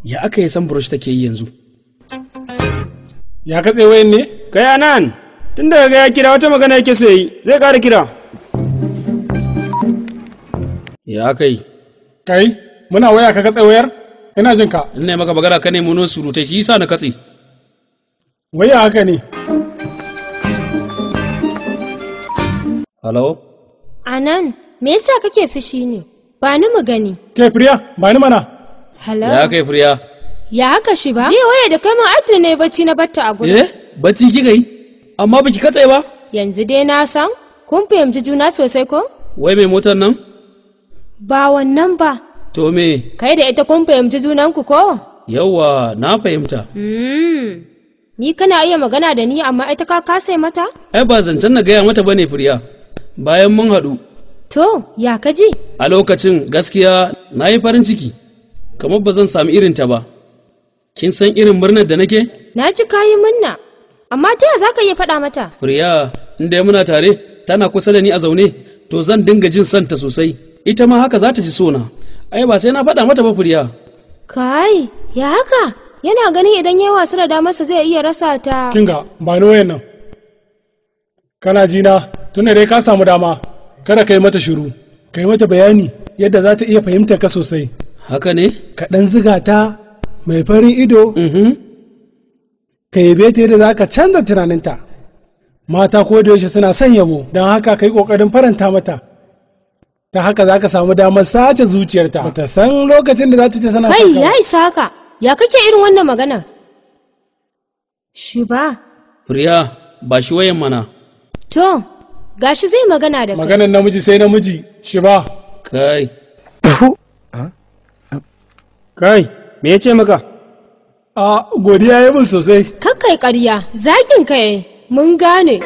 ya aka yi san burush take yi yanzu ya katse wayan ne kai nan tun daga ga ya kira wata magana yake so yi zai ƙara kira ya kai kai muna waya ka katse wayar ina jin ka ne maka magana ka ne muno surutai shi yasa na katse waya haka ne Halo? Anan, me yasa kake fushi ne? Ba ni mu gani. Kai Priya, ba ni mana. Halo? Ya kai Priya, Ya haka shi ba? Jiya waya da kai mun aitu ne bacci na batta a gudu. Eh, bacci kika yi? Amma baki katse ba? Yanzu dai na san, kun fahimci juna sosai ko? Wai mai motar nan? Ba wannan ba. To me? Kai da ita kun fahimci junanku ko? Yawwa, na fahimta. Mm. Ni kana iya magana da ni amma ita ka kasai mata? Ai ba zancen na gaya mata bane furiya. Bayan mun haɗu. To, ya kaji? A lokacin gaskiya na yi farin ciki, kamar ba zan sami irinta ba. kin san irin murnar da nake? Na ji kayi munna. amma ta yaya za ka iya faɗa mata? Furiya, inda ya muna tare, tana kusa da ni a zaune, to zan dinga jin santa sosai. Ita ma haka za ta ji sona. Ai ba sai na faɗa mata ba Furiya. Kai, ya haka? Yana ganin idan ya wasu da masa zai iya rasa ta. Kinga, ba ni wayan nan. Kana ji na, tunda dai ka samu dama, kada ka yi mata shiru. Ka yi mata bayani yadda za ta iya fahimtar ka sosai. Haka ne? Ka ɗan ziga ta mai farin ido mm-hmm. ka yabe ta yadda za ka canza tunaninta mata ko da yaushe suna son yabo don haka ka yi ƙoƙarin faranta mata ta haka za ka samu damar sace zuciyarta ta san lokacin da za ta ce sana kai ya isa haka ya kake irin wannan magana shi ba furiya ba shi wayan mana to gashi zai magana da kai maganar namiji sai namiji shi ba kai kai me ya ce maka a godiya ya min sosai kakkai karya zakin kai mun gane [laughs]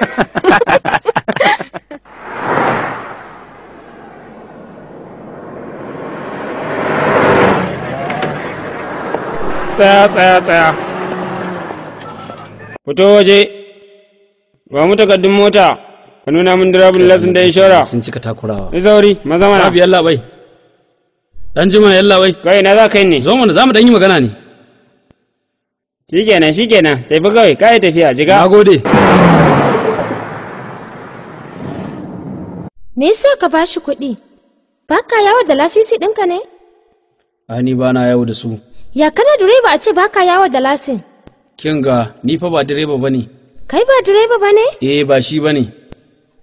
tsaya tsaya tsaya fito waje ba mu takardun mota ka nuna min direbin lasin da inshora sun cika takurawa ni sauri maza mana abi Dan ji mana yalla wai. Kai na za kai ne. Zo mana zamu mu dan yi magana ne. Shikenan shikenan tafi kawai kai tafiya jiga. Na gode. Me yasa ka bashi kuɗi? Ba ka yawo da lasisi ɗinka ne? Ani ba na yawo da su. Ya kana direba a ce ba ka yawo da lasin? Kin ga ni fa ba direba ba ne. Kai ba direba ba ne? Eh ba shi ba ne.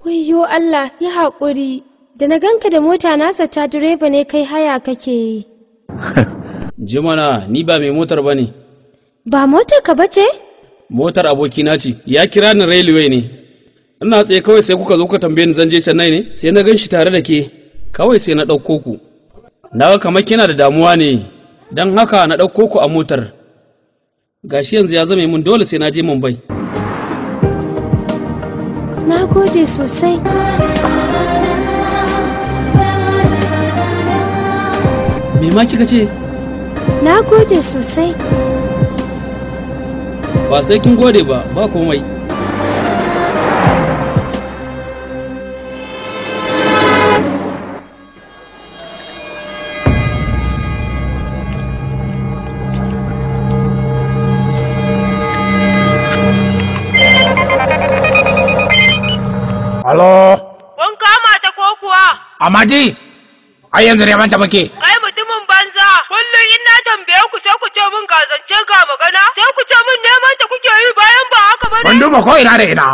Wayyo Allah ya haƙuri. da na ganka da mota nasa ta direba ne kai haya kake yi [laughs] jimana ni ba mai motar ba ne ba motar ka bace motar abokina ce ya kira ni railway ne ina tsaye kawai sai kuka zo ka tambaye ni zanje can ne sai na gan shi tare da ke kawai sai na ɗauko ku na ga kamar kina da damuwa ne don haka na ɗauko ku a motar gashi yanzu ya zama mun dole sai na je mumbai na gode sosai me ma kika ce na gode sosai ba sai kin gode ba ba komai allo. Kun kama ta ko kuwa? Amaji, ai yanzu ne manta muke. duba ko ina da ina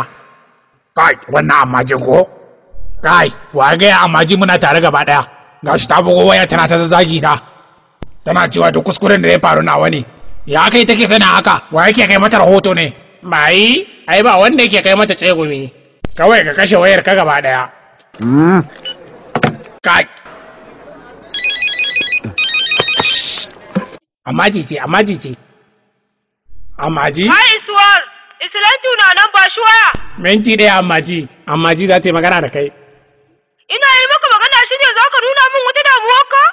kai wannan amajin ko kai wa gaya amaji muna tare gaba daya gashi ta bugo waya tana ta zagi na tana cewa duk kuskuren da ya faru na wani ya kai take sana haka wa yake kai mata rahoto ne mai ai ba wanda yake kai mata tsegumi kawai ka kashe wayar ka gaba daya hmm. kai amaji ce amaji ce amaji? Hai! Isilatu na nan ba shi waya. Minti ɗaya amma ji, amma ji za ta yi magana da kai. Ina yi maka magana shi ne za ka nuna min wata damuwar ka?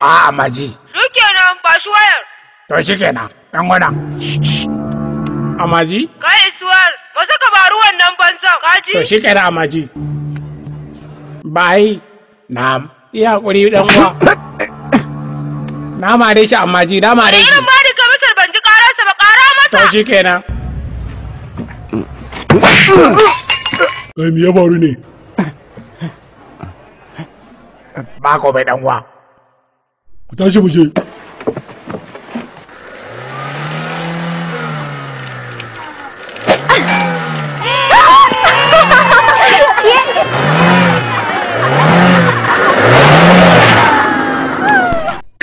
A amma ji. Duke nan ba shi wayar. To shi kenan, ɗan gwada. Amma ji? Kai isuwar, ba su ka baru wannan banza, kaji? To shi kenan amma ji. Bayi, na iya kuri ɗan uwa. Na mare shi amma ji, na mare shi. Irin ma da kamisar ban ji ƙararsa ba, ƙara mata. To shi kenan. Kai me ya faru ne? Ba ko bai dan uwa. ta chưa mu je.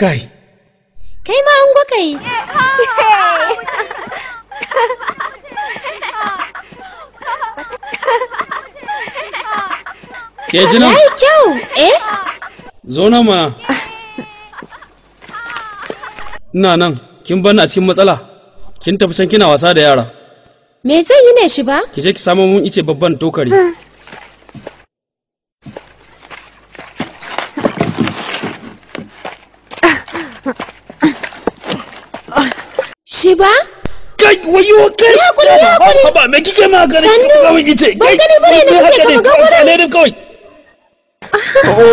Kai. Kai ma an gwa kai. Ke ji nan? Yayi kyau, eh? Zo na mana. Ina nan, kin bani a cikin matsala. Kin tafi can kina wasa da yara. Me zan yi ne shi ba? Ki je ki samo mun ice babban tokari. Hmm. Shi ba? Kai wayo kai. Ya kuri ya kuri. Ba me kike ma gari ki ga mun ice. Ba gani bare ne kike ka ga [laughs]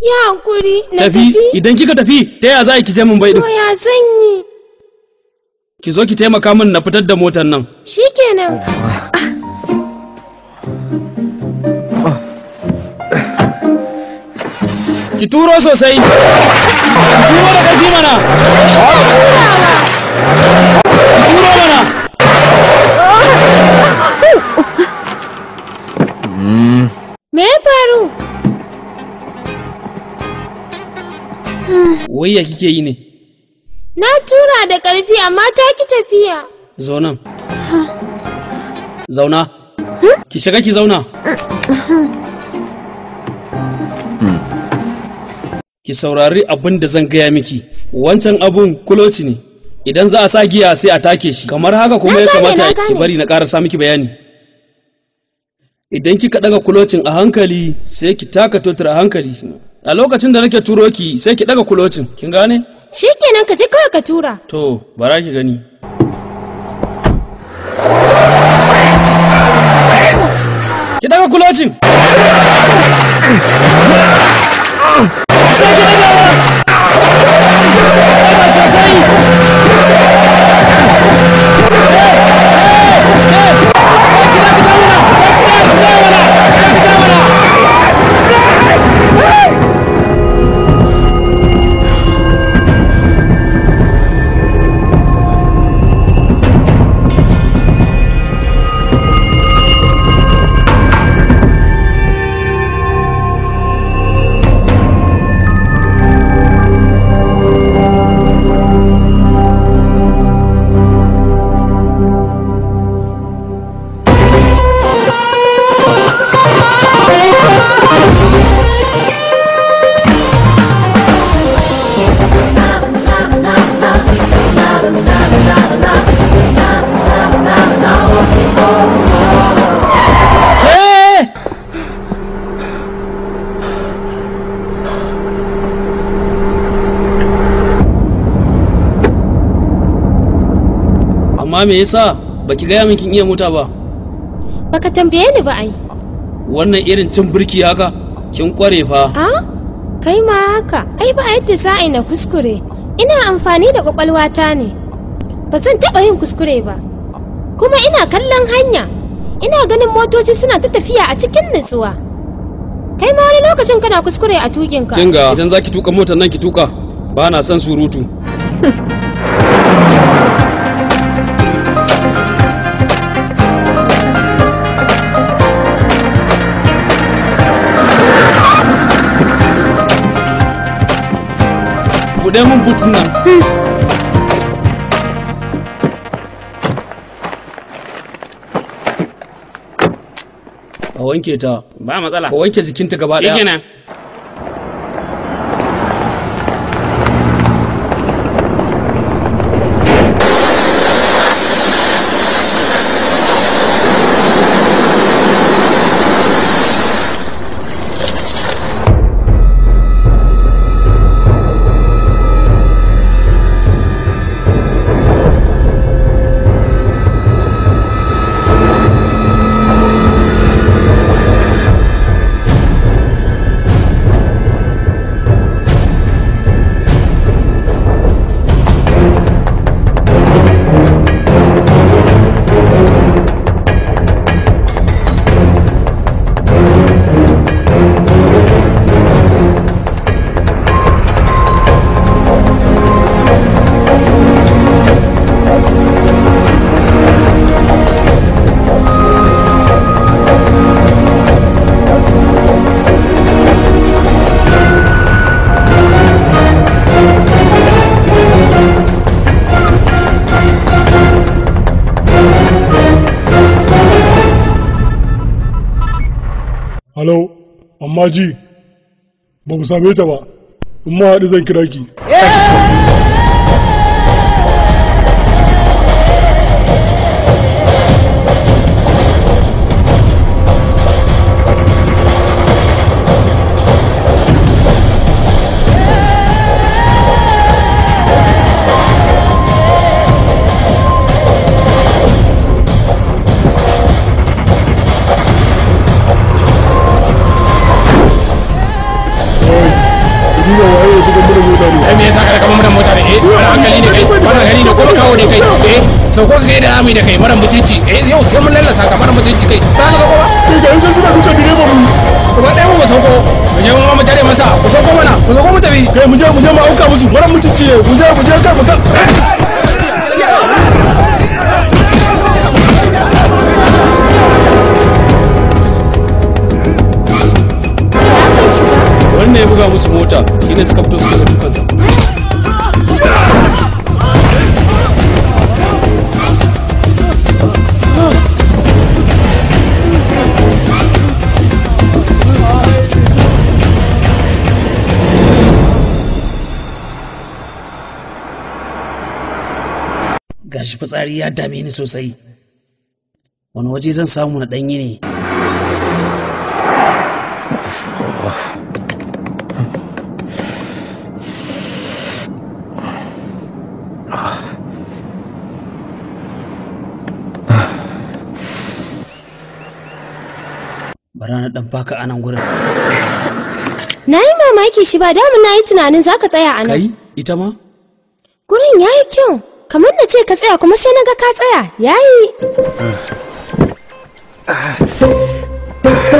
Ya hankuri na tafi. Idan kika tafi, ta ya za ki je mun bai din? ya zan yi? Ki zo ki taimaka min na fitar da motar nan. Shi nan. Ki turo sosai. Ki turo da ƙarfi mana. Ki turo mana. [laughs] me ya faru ah. wayya kike yi ne na tura da ƙarfi amma ta ki tafiya zaunan zauna ki shiga ki zauna hmm. ki saurari abin da zan gaya miki wancan abun kuloci ne idan za a sa giya sai a take shi kamar haka kuma ya kamata ki bari na ƙarasa miki bayani idan kika daga kulocin a hankali sai ki taka totar a hankali a lokacin da nake turo ki sai ki daga kulocin kin gane shikenan ka je kawai ka tura to bara ki gani ki daga kulocin sai ki amma me yasa ki gaya min kin iya mota ba baka tambaye ni ba ai wannan irin cin birki haka kin kware fa a kai ma haka ai ba yadda za a na kuskure ina amfani da kwakwalwata ne ba zan taɓa yin kuskure ba kuma ina kallon hanya ina ganin motoci suna ta tafiya a cikin nutsuwa kai ma wani lokacin kana kuskure a tukinka kinga idan za tuka motar nan ki tuka ba na son surutu buɗe mun butun nan a wanke ta ba matsala ka wanke jikinta gaba ɗaya maji ba mu same ta ba in ma haɗu zan kira ki. Eh! sau ka kai da ami da kai mara mutunci eh yau sai mun lallasa ka mara mutunci kai ba ka ko ba kai eh, ga sai suna duka ba mu ba dai mu sauko mu je mu tare masa ku sauko mana ku sauko mu tafi kai eh, mu je mu je mu auka musu mara mutunci ne mu je mu je ka mu ka wannan ya buga musu mota shine suka fito suka dukansa shi fitsari ya dame ni sosai wani waje zan samu na ɗanyi ne bara na ɗan baka anan gurin na yi mamaki shi ba damu na yi tunanin ka tsaya a nan kai ita ma gurin ya yi kyau kamar na ce ka tsaya kuma sai na ga ka tsaya yayi hmm. [laughs]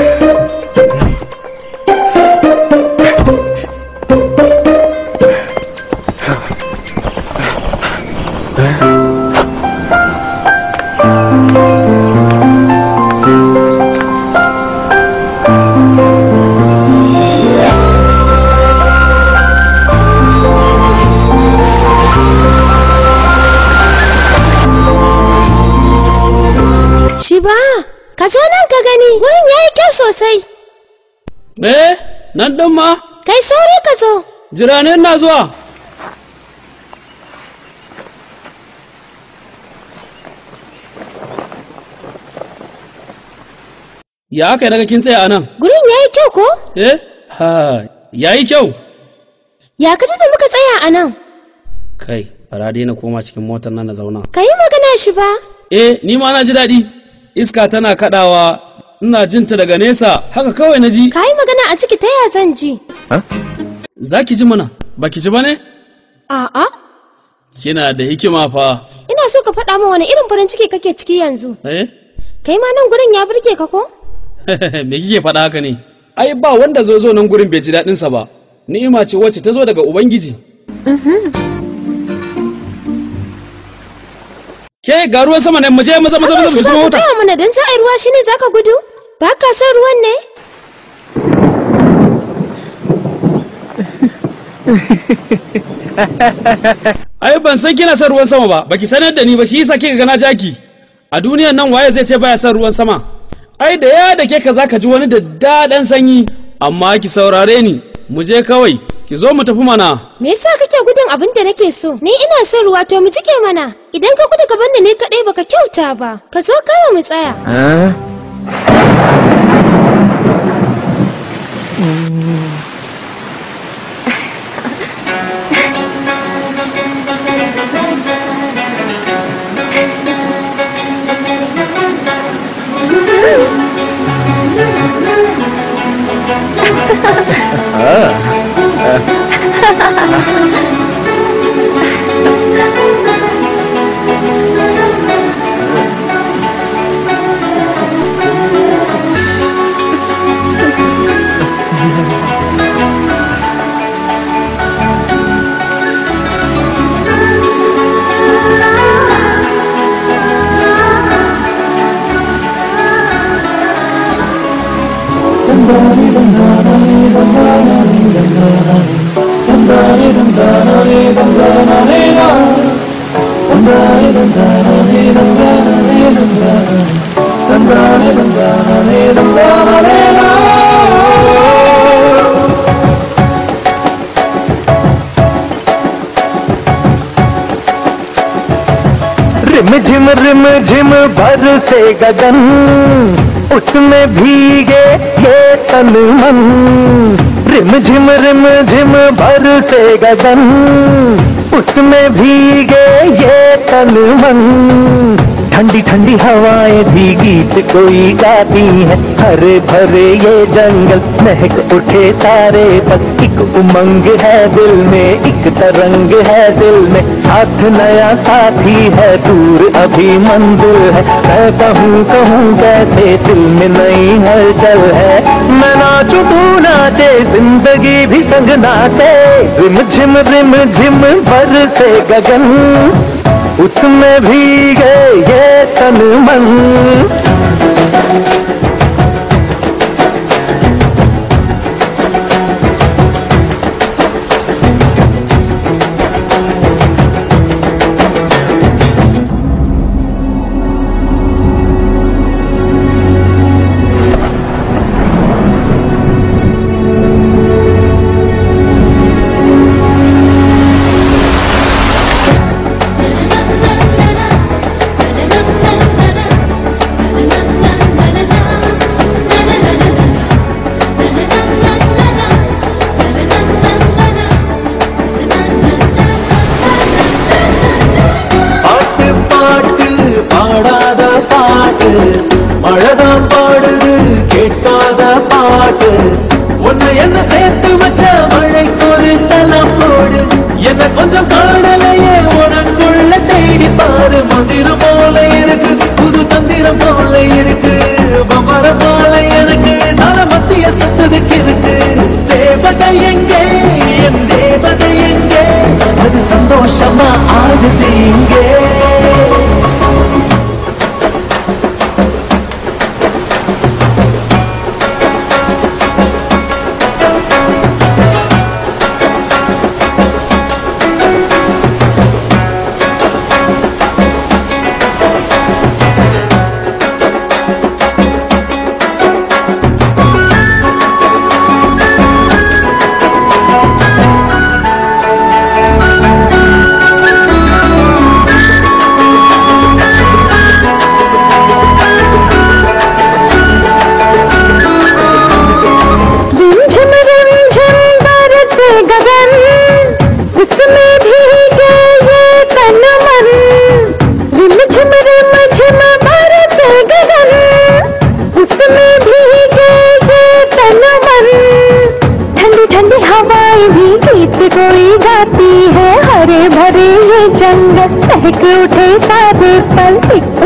sosai. Eh, nan ɗin ma? Kai sauri ka zo. Jiranen na zuwa. Ya aka daga kin tsaya a nan? Gurin ya yi kyau ko? Eh, ha, ya yi kyau. Ya ka da muka tsaya a nan? Kai, bara dai na koma cikin motar nan na zauna. Ka yi magana shi ba? Eh, ni ma na ji daɗi. Iska tana kaɗawa ina jin ta daga nesa haka kawai na ji ka yi magana a ciki ta ya zan ji za ki ji mana ba ki ji ba ne a'a kina da hikima fa ina so ka faɗa min wani irin farin ciki kake ciki yanzu eh kai ma nan gurin ya burge ka ko me kike faɗa haka ne ai ba wanda zo zo nan gurin bai ji daɗinsa ba ni'ima ce wacce ta zo daga ubangiji ke ga ruwan sama ne mu je maza maza maza mu kuma wuta. Kawai mana dan sai ruwa shine zaka gudu? ba ka son ruwan ne? [laughs] ai ban san kina son ruwan sama ba baki sanar da ni ba shi yasa kika gana jaki a duniyan nan waye zai ce baya son ruwan sama ai da ya da ke ka zaka ji wani da dadan sanyi amma ki saurare ni mu je kawai ki zo mu tafi mana me yasa kake gudun abin da nake so ni ina son ruwa to mu jike mana idan ka gudu gaban da ne kadai baka kyauta ba ka zo kawai mu tsaya Ha ha ha ha! தந்தானே தந்தானே தந்தானே தந்தானே रिम झिम भर से गगन उसमें भीगे ये तन मन रिम झिम भर से गगन उसमें भीगे ये तन मन ठंडी ठंडी हवाएं भी गीत कोई गाती है हरे भरे ये जंगल महक उठे तारे पर एक उमंग है दिल में एक तरंग है दिल में साथ नया साथी है दूर अभी मंदिर है मैं कहूँ कहूँ कैसे दिल में नई हलचल है मैं नाचू तू नाचे जिंदगी भी संग नाचे रिम झिम रिम झिम भर से गगन उसमें भी गए ये तन मन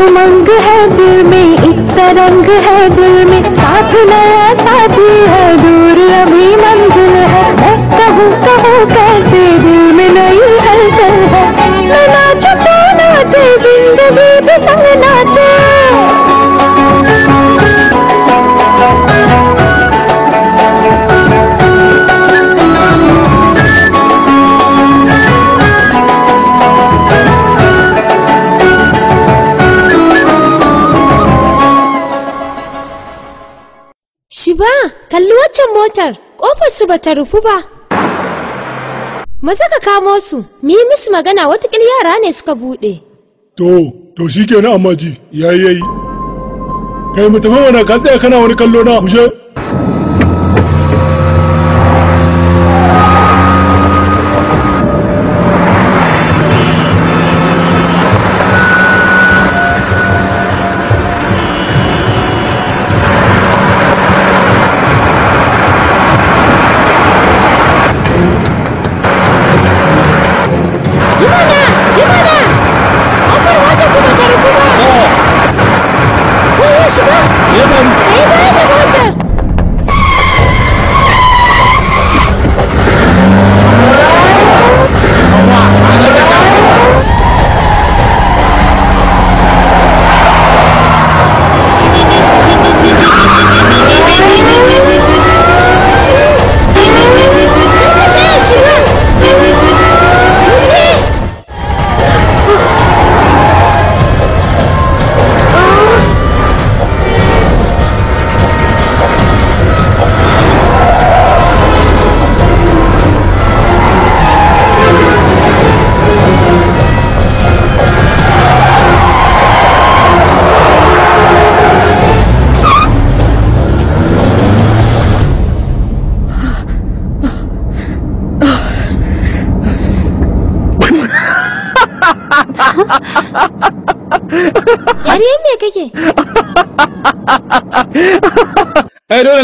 उमंग है दिल में एक तरंग है दिल में साथ नया साथी है दूर अभी मंजिल है मैं कहूँ कहूँ कैसे दिल में नई हलचल है मैं नाचू तो नाचे जिंदगी भी motar ƙofar su ta rufu ba maza ka kamo su mu musu magana watakil yara ne suka buɗe to to shikenan amma ji yayi yayi kai mu mana ka tsaya kana wani kallo na bushe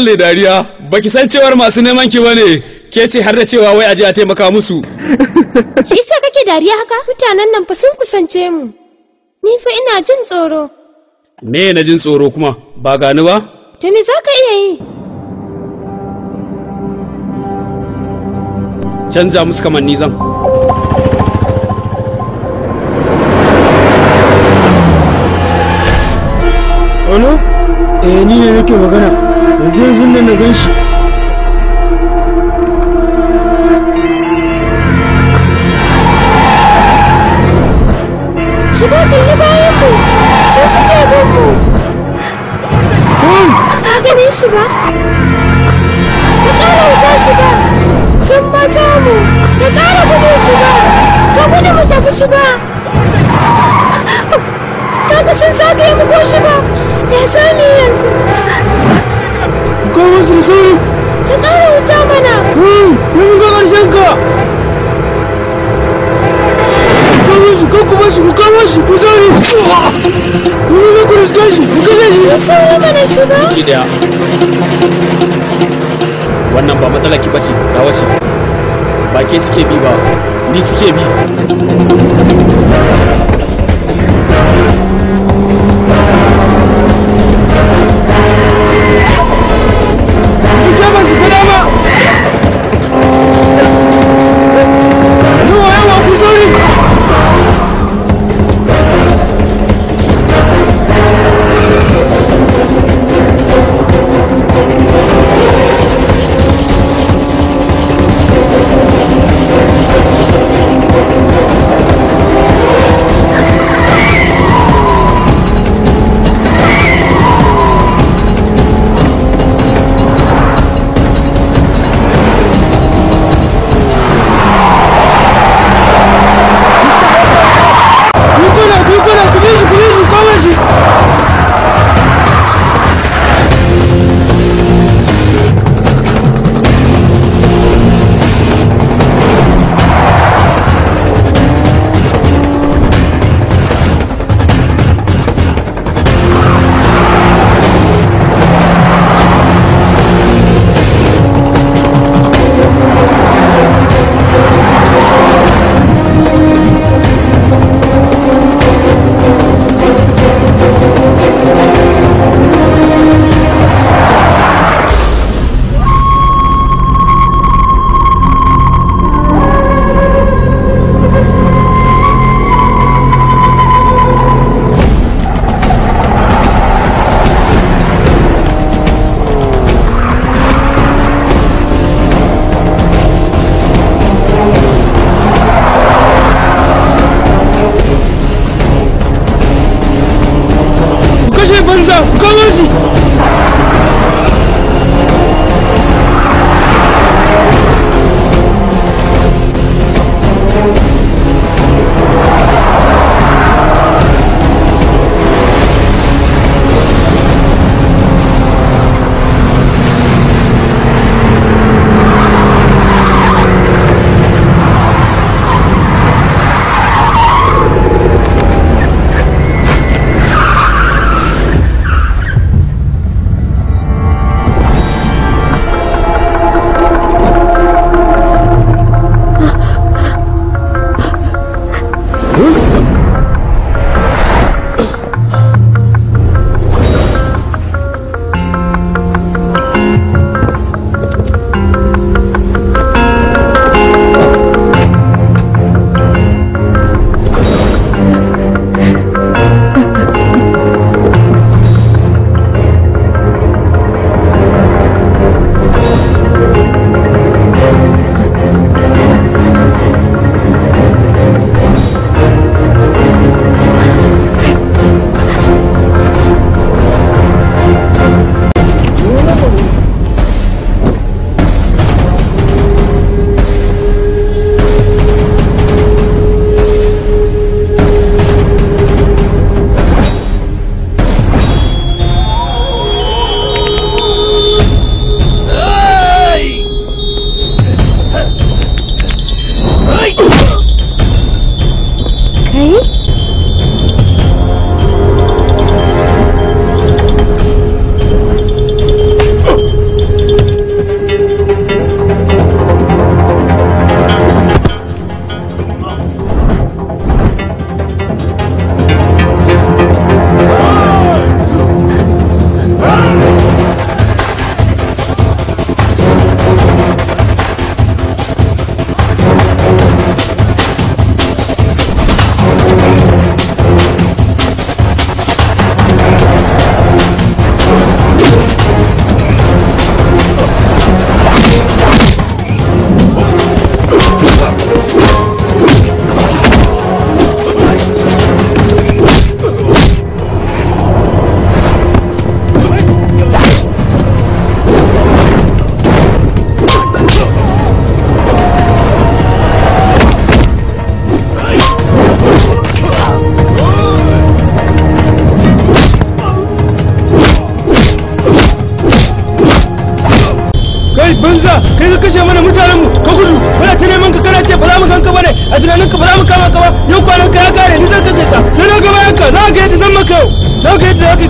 lalle dariya ki san cewar masu neman ki bane ke ce har da cewa wai aje a taimaka musu [laughs] shi sa kake dariya haka mutanen nan fa sun kusance mu ni fa ina jin tsoro me na jin tsoro kuma ba gani ba to me zaka iya yi canza musu kamar zan Olo? Eh ni ne nake magana. yanzu yanzu ne na gan shi shigo kalli bayan ku su suke bin ku ka ganin shi ba ka ƙara wuta shi ba sun maza mu ka ƙara gudu shi ba ka gudu mu tafi shi ba kaga sun zagaye mu ko shi ba ya sami yanzu goma sosai ka ƙara wuta mana eh, sai mun ga ƙarshen ka kawo shi ko kuma shi ku kawo shi ku sauri ku yi ku riske shi ku kashe shi ya sauri mana shi ba ki daya wannan ba matsala ki bace ga wace ba ke suke bi ba ni suke bi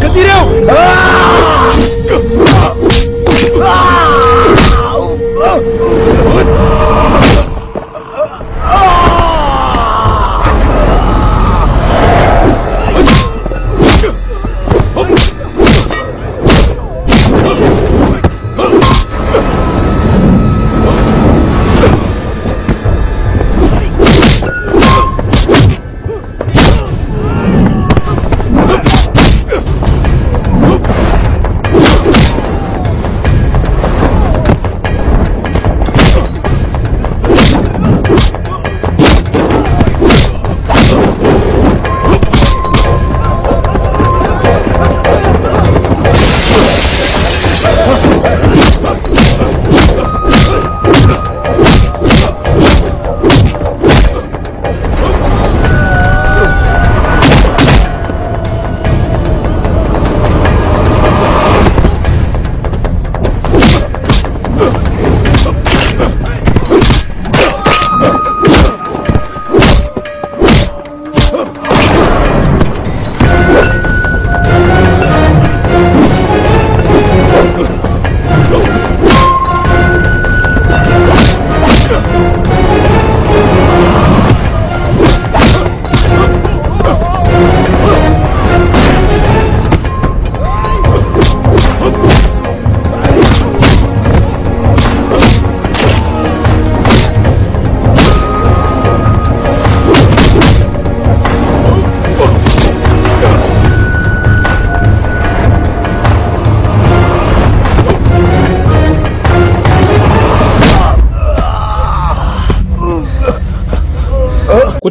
Fica,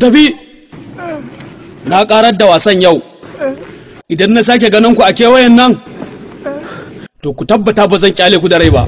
tafi na karar da wasan yau idan na sake ganin ku a kewayen nan to ku tabbata ba zan kyale ku da rai ba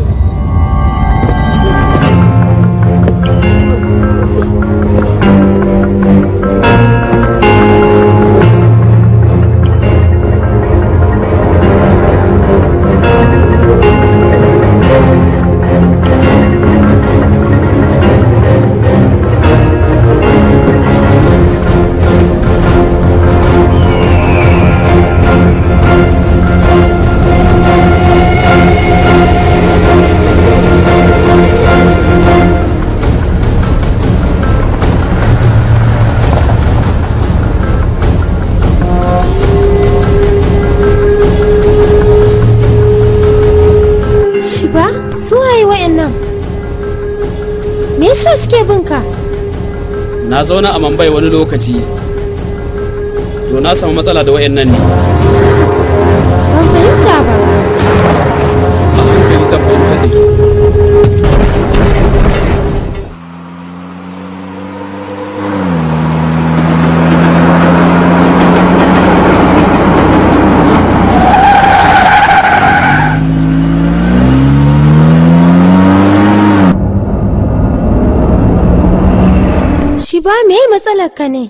na zauna a mambai wani lokaci to na samu matsala da nan ne ban fahimta ba a hankali zan fahimtar da ke matsalar ka ne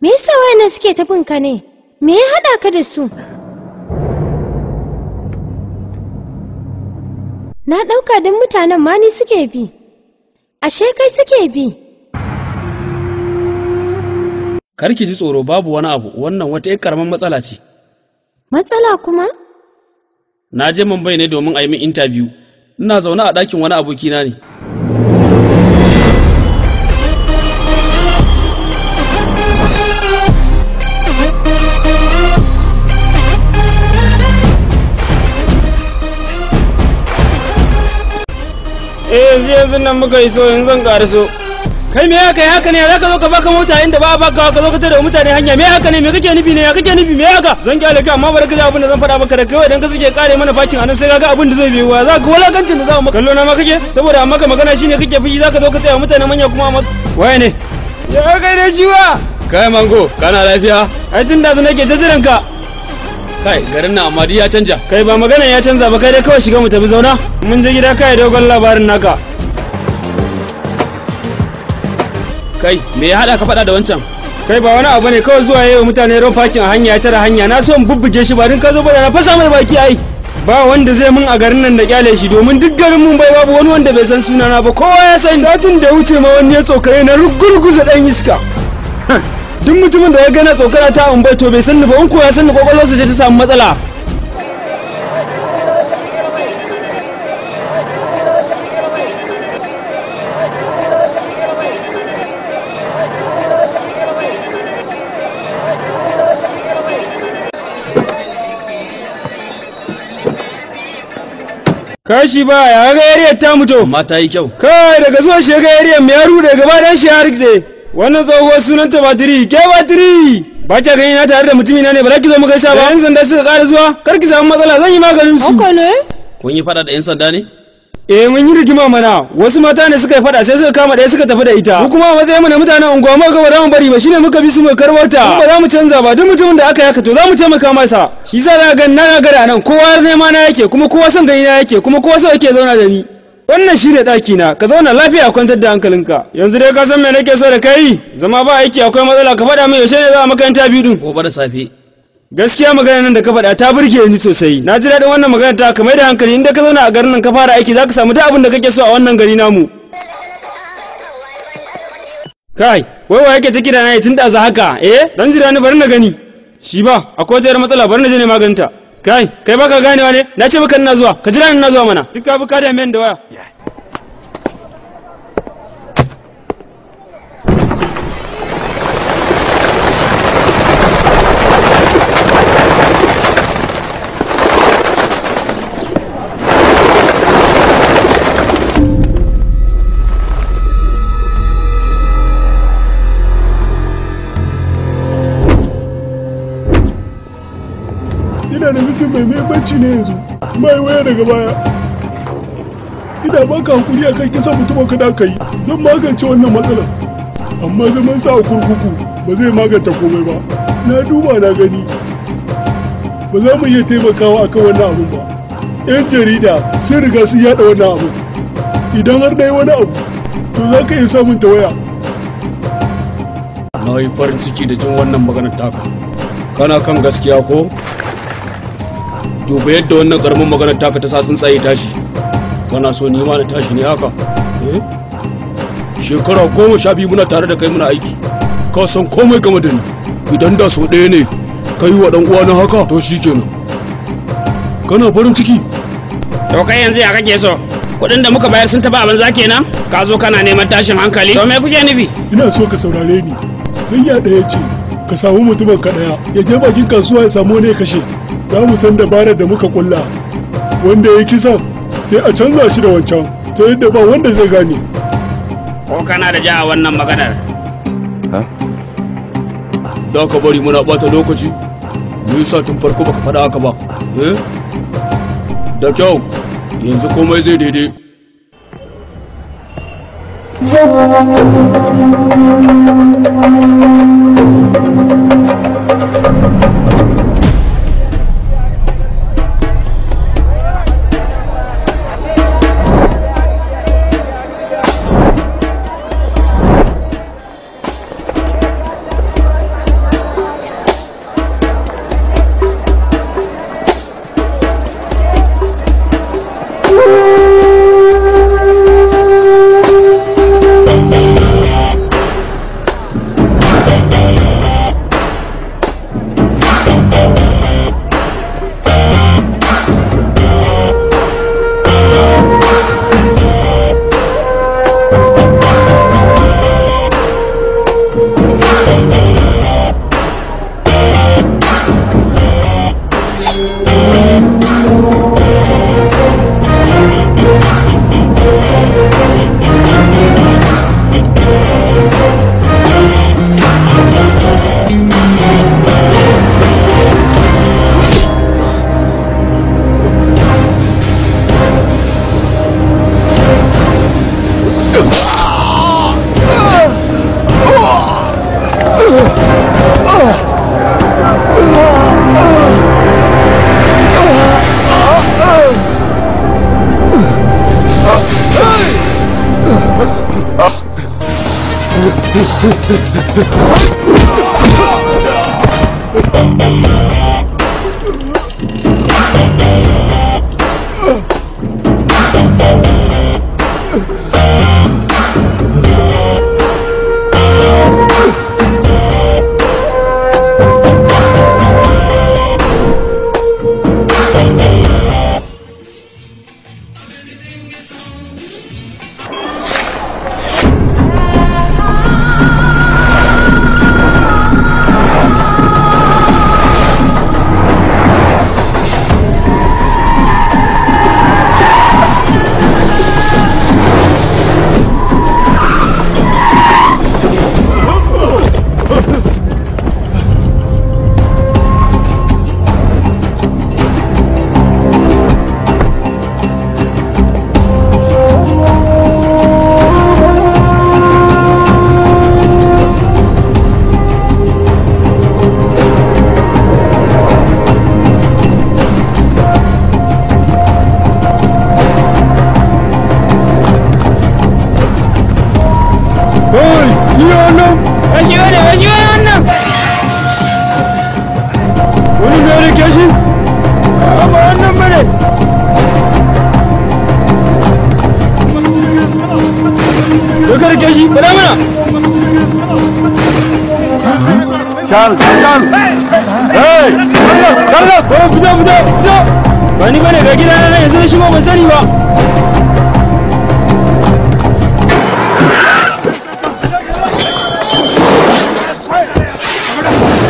me yasa wayannan suke tafin ka ne me ya haɗa ka da su na ɗauka don mutanen Mani suke bi ashe kai suke bi kar ki ji tsoro babu wani abu wannan wata 'yar ƙaramin matsala ce matsala kuma na je mumbai ne domin a yi min intabiyu ina zaune a ɗakin wani abokina ne eh yanzu yanzu nan muka yi so yanzu zan so. kai me haka haka ne za ka zo ka baka mota inda ba a baka ka zo ka tada mutane hanya me haka ne me kake nufi ne ya kake nufi me haka zan kyale ka amma bari ka ji abin da zan faɗa maka da kai idan ka suke kare mana facin anan sai ka ga abin da zai biyo za ka wala kancin da za mu kallo na ma kake saboda amma ka magana shine kake fiji za ka zo ka tsaya mutane manya kuma waye ne ya kai da shiwa kai mango kana lafiya ai tun da nake ta jiran ka kai garin na amma ya canja kai ba magana ya canza ba kai dai kawai shiga mu tafi zauna mun je gida kai dogon labarin naka kai me ya hada ka faɗa da wancan kai ba wani abu ne kawai zuwa yayi mutane ron parking a hanya tara hanya na so in bubbuge shi ba din ka zo ba na fasa mai baki ai ba wanda zai mun a garin nan da kyale shi domin duk garin mun bai babu wani wanda bai san sunana ba kowa ya sani satin da wuce ma wani ya tsokare na rugurguza dan iska duk mutumin da ya gana tsokara ta an bai to bai sanni ba in koya ya sanni kwakwalwarsa ce ta samu matsala kashi ba ya ga yariyar ta mutu mata yi kyau kai daga zuwa shi ga yariyar mai ya rude gaba dan shi ya rikse wannan tsohuwar sunanta batiri ke batiri ba ta gani na tare da mutumi ne ba za ki zo mu sa ba eh? yan sanda suka ƙara zuwa kar ki samu matsala zan yi maganin su haka ne kun yi fada da yan sanda ne eh mun yi rigima mana wasu mata ne suka yi fada sai suka kama ɗaya suka tafi da ita mu kuma a matsayin mu na mutanen unguwa muka ba za mu bari ba shine muka bi su mu karbar ta ba za mu canza ba duk mutumin da aka yaka to za mu taimaka masa shi yasa na ga na ga nan kowa ne ma na yake kuma kowa son gani na yake kuma kowa sai yake zauna da ni wannan shi ne ɗakina ka zauna lafiya a kwantar da hankalinka yanzu dai ka san me nake so da kai zama ba aiki akwai matsala ka faɗa min yaushe ne za a makaranta biyu din gobe da safe gaskiya maganar nan da ka faɗa ta burge ni sosai na ji daɗin wannan maganar ta kamar da hankali inda ka zauna a garin nan ka fara aiki za ka samu ta abin da kake so a wannan gari namu kai wai wa yake ta kira na tun da haka eh dan jira ni bari na gani shi ba akwai wata matsala bari na je ne maganta kai kai baka gane ne na ce maka ina zuwa ka jira na zuwa mana duk ka bi ka da men da waya mai waya daga baya ina baka hakuri akan kisan mutumin ka da yi zan magance wannan matsalar amma zaman sa a kurkuku ba zai maganta komai ba na duba na gani ba za mu iya taimakawa akan wannan abun ba yan jarida sun riga sun yada wannan abun idan har na yi wani abu to za ka iya samun ta waya na yi farin ciki da jin wannan maganar taka kana kan gaskiya ko duba yadda wannan karamin maganar taka ta sa tsuntsaye tashi kana so ma da tashi ne haka eh? shekara goma sha biyu muna tare da kai muna aiki ka san komai game da ni idan da so ɗaya ne ka yi wa ɗan uwa na haka to shi kenan kana farin ciki to kai yanzu ya kake so kuɗin da muka bayar sun taɓa abin za kenan ka zo kana neman tashin hankali to me kuke nufi ina so ka saurare ni hanya ɗaya ce ka samu mutumin ka ɗaya ya je bakin kasuwa ya samu ne kashe za mu san dabarar da muka kulla wanda ya kisa sai a canza shi da wancan ta yadda ba wanda zai gane ko kana da ja a wannan maganar da ka bari muna bata lokaci me yasa tun farko baka faɗa haka ba da kyau yanzu komai zai daidai Thank you.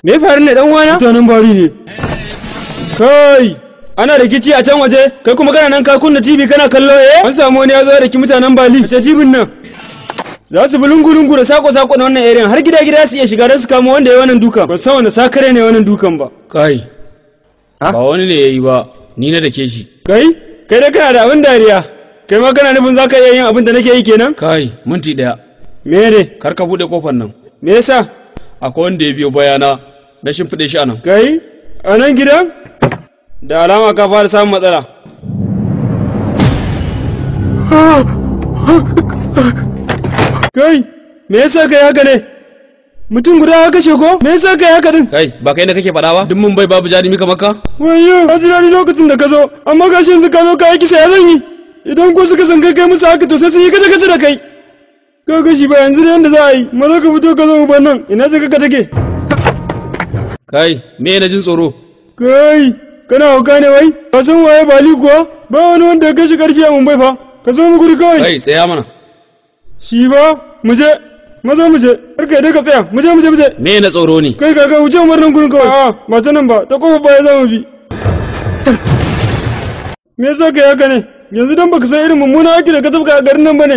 me faru ne dan wana mutanen bari ne kai ana rikici a can waje kai kuma kana nan ka kunna tv kana kallo eh an samu wani ya zo da ki mutanen bali ce tv nan za su bulungulungu da sako-sako na wannan area har gida-gida su iya shiga don su kamo wanda ya wannan dukan ba san wanda sakare ne wannan dukan ba kai ba wani ne ya yi ba ni na da ke shi kai kai da kana da abin dariya kai ma kana nufin za ka iya yin abin da nake yi kenan kai minti daya me ne kar ka buɗe kofar nan me yasa akwai wanda ya biyo bayana na shimfiɗe shi anan kai a nan gidan da alama ka fara samun matsala kai me yasa kai haka ne mutum guda haka ce ko me yasa kai haka din kai ba kai ne kake faɗa ba duk mun bai babu jarumi mika maka? wayo a ji ni lokacin da ka zo amma ga shi yanzu ka zo ka yi kisa ya zan yi idan ko suka san kai kai musu haka to sai sun yi kace kace da kai ka gashi ba yanzu ne yanda za a yi maza ka fito ka zo uban nan ina sai ka take Kai, me na jin tsoro? Kai, kana hauka ne wai? ba san waye bali kuwa? Ba wani wanda ya kashe karfi a Mumbai fa. Ka zo mu gudu kawai. Kai, tsaya mana. Shi ba, mu je. Maza mu je. Karka idan ka tsaya. Mu je mu je mu je. Me na tsoro ne? Kai kaga wuce mu nan gurin kawai. A'a, mata nan ba. Ta kofa baya ya zama bi. Me yasa ka yi haka ne? Yanzu dan baka san irin mummuna aiki da ka tafka a garin nan ba ne.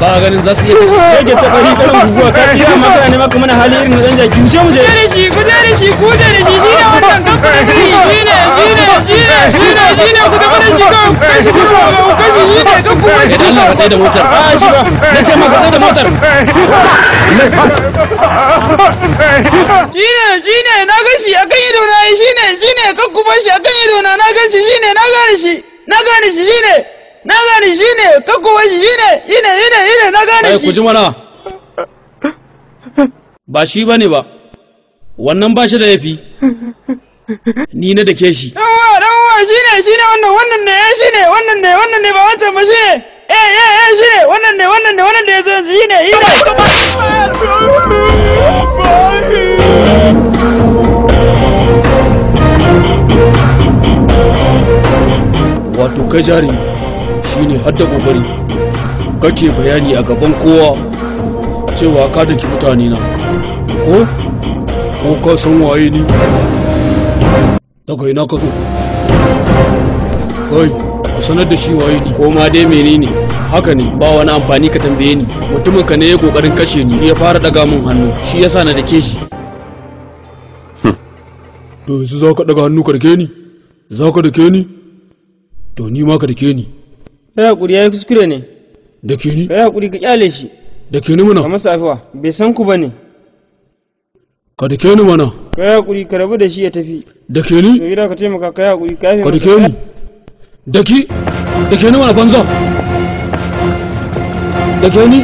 ba a ganin za su iya kashe shi yake ta bari guguwa ka ci amma kana ne maka mana hali irin dan jaki wuce mu je da shi ku je da shi ku je da shi ne wannan kamfanin shi ne ne ne ne ne ku tafi da shi kan kashi ku kashi shi ne duk kuma shi da Allah ka tsaya da motar a shi ba na ce maka tsaya da motar shi ne shi ne na ga shi akan ido na shi ne kan kuma shi akan ido na na ga shi ne na gane shi na gane shi shi ne. na gane shi ne kakowa shi ne ine ine ine na gane shi ku ji mana ba shi ba ne ba wannan ba shi da yafi ni na dake shi yawa yawa shi ne shi ne wannan wannan ne ya eh, shi ne wannan ne wannan ne ba wancan ba shi ne eh eh eh shi ne wannan ne wannan ne wannan da ya zo yanzu shi ne shi ne wato kai jarumi Shi ne hadda kokari kake bayani a gaban kowa cewa ka daki mutane na ko ko ka san waye ni daga ina ka zo kai ku sanar da shi waye ni ko ma dai menene haka ne ba wani amfani ka tambaye ni mutumin ka ne ya kokarin kashe ni ya fara daga min hannu shi yasa na dake shi hmm. to yanzu za ka daga hannu ka dake ni za ka dake ni to ni ma ka dake ni ya hakuri ya yi kuskure ne da ke ni ya hakuri ka kyale shi da ke ni muna? ka masa afiwa, bai san ku ba ne ka da ke ni mana ka ya hakuri ka rabu da shi ya tafi da ke ni ka gida ka taimaka ka ya hakuri ka yafe ka da ke ni da ki da ke ni mana banza da ke ni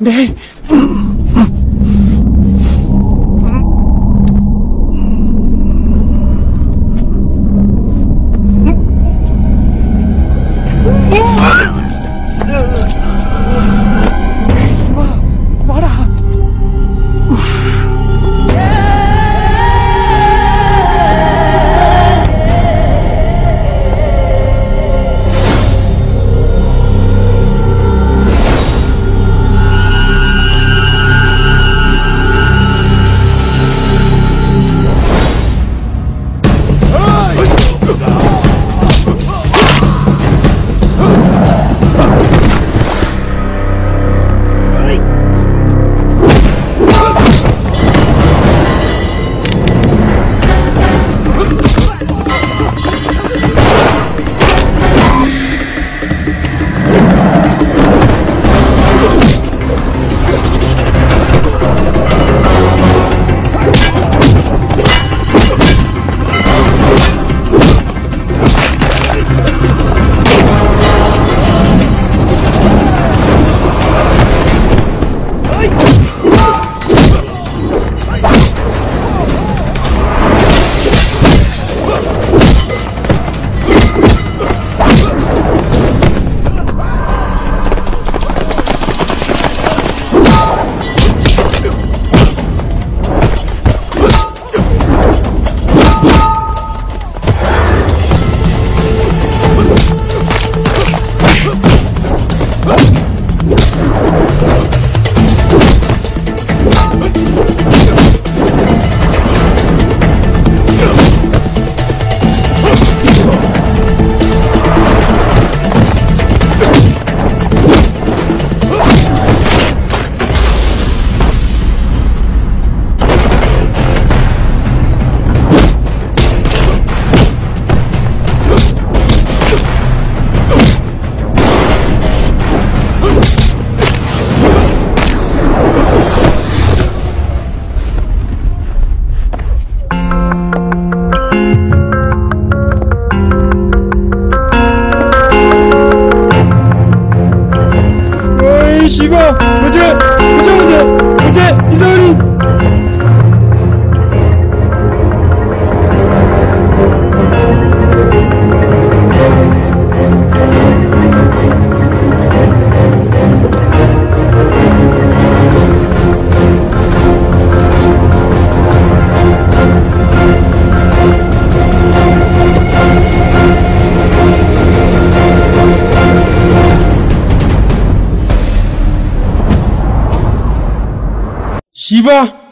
嗯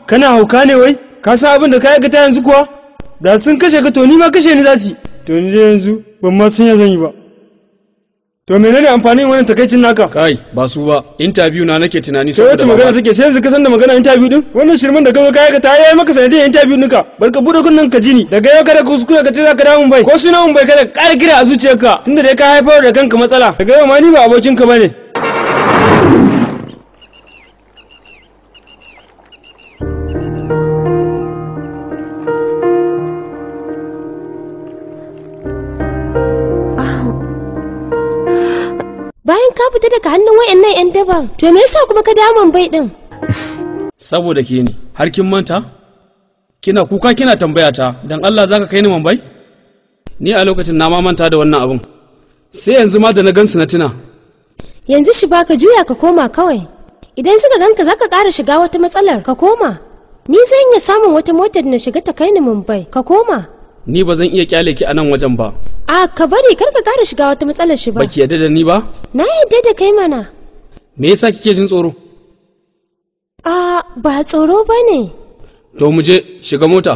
kana hauka ne wai ka san abin da ka aikata yanzu kuwa da sun kashe ka to ni ma kashe ni za su to ni dai yanzu ban ma sun zan yi ba to menene amfanin wannan takaicin naka kai ba su ba interview na nake tunani saboda wata magana take sai yanzu ka san da magana interview din wannan shirman da ka zo ka aikata yayi maka sanadin interview ɗinka bar ka bude kunnen ka jini daga yau kada kuskure ka ce za ka dawo mun bai ko suna mun bai kada ka ƙara kira a zuciyarka tunda dai ka haifar da kanka matsala daga yau ma ni ba abokinka bane fita daga hannun wayannan 'yan daban to me yasa kuma ka daman bai din saboda ke ne har kin manta kina kuka kina tambaya ta dan Allah zaka kai ni Mumbai ni a lokacin na ma manta da wannan abun sai yanzu ma da na gansu na tuna yanzu shi ba ka juya ka koma kawai idan suka ganka zaka ƙara shiga wata matsalar ka koma ni zan iya samun wata motar na shiga ta kai ni Mumbai ka koma ni ba zan iya kyale ki a nan wajen ba a ka bari kar ka kara shiga wata matsalar shi ba baki yadda da ni ba na yadda da kai mana me yasa kike jin tsoro a ba tsoro bane to mu je shiga mota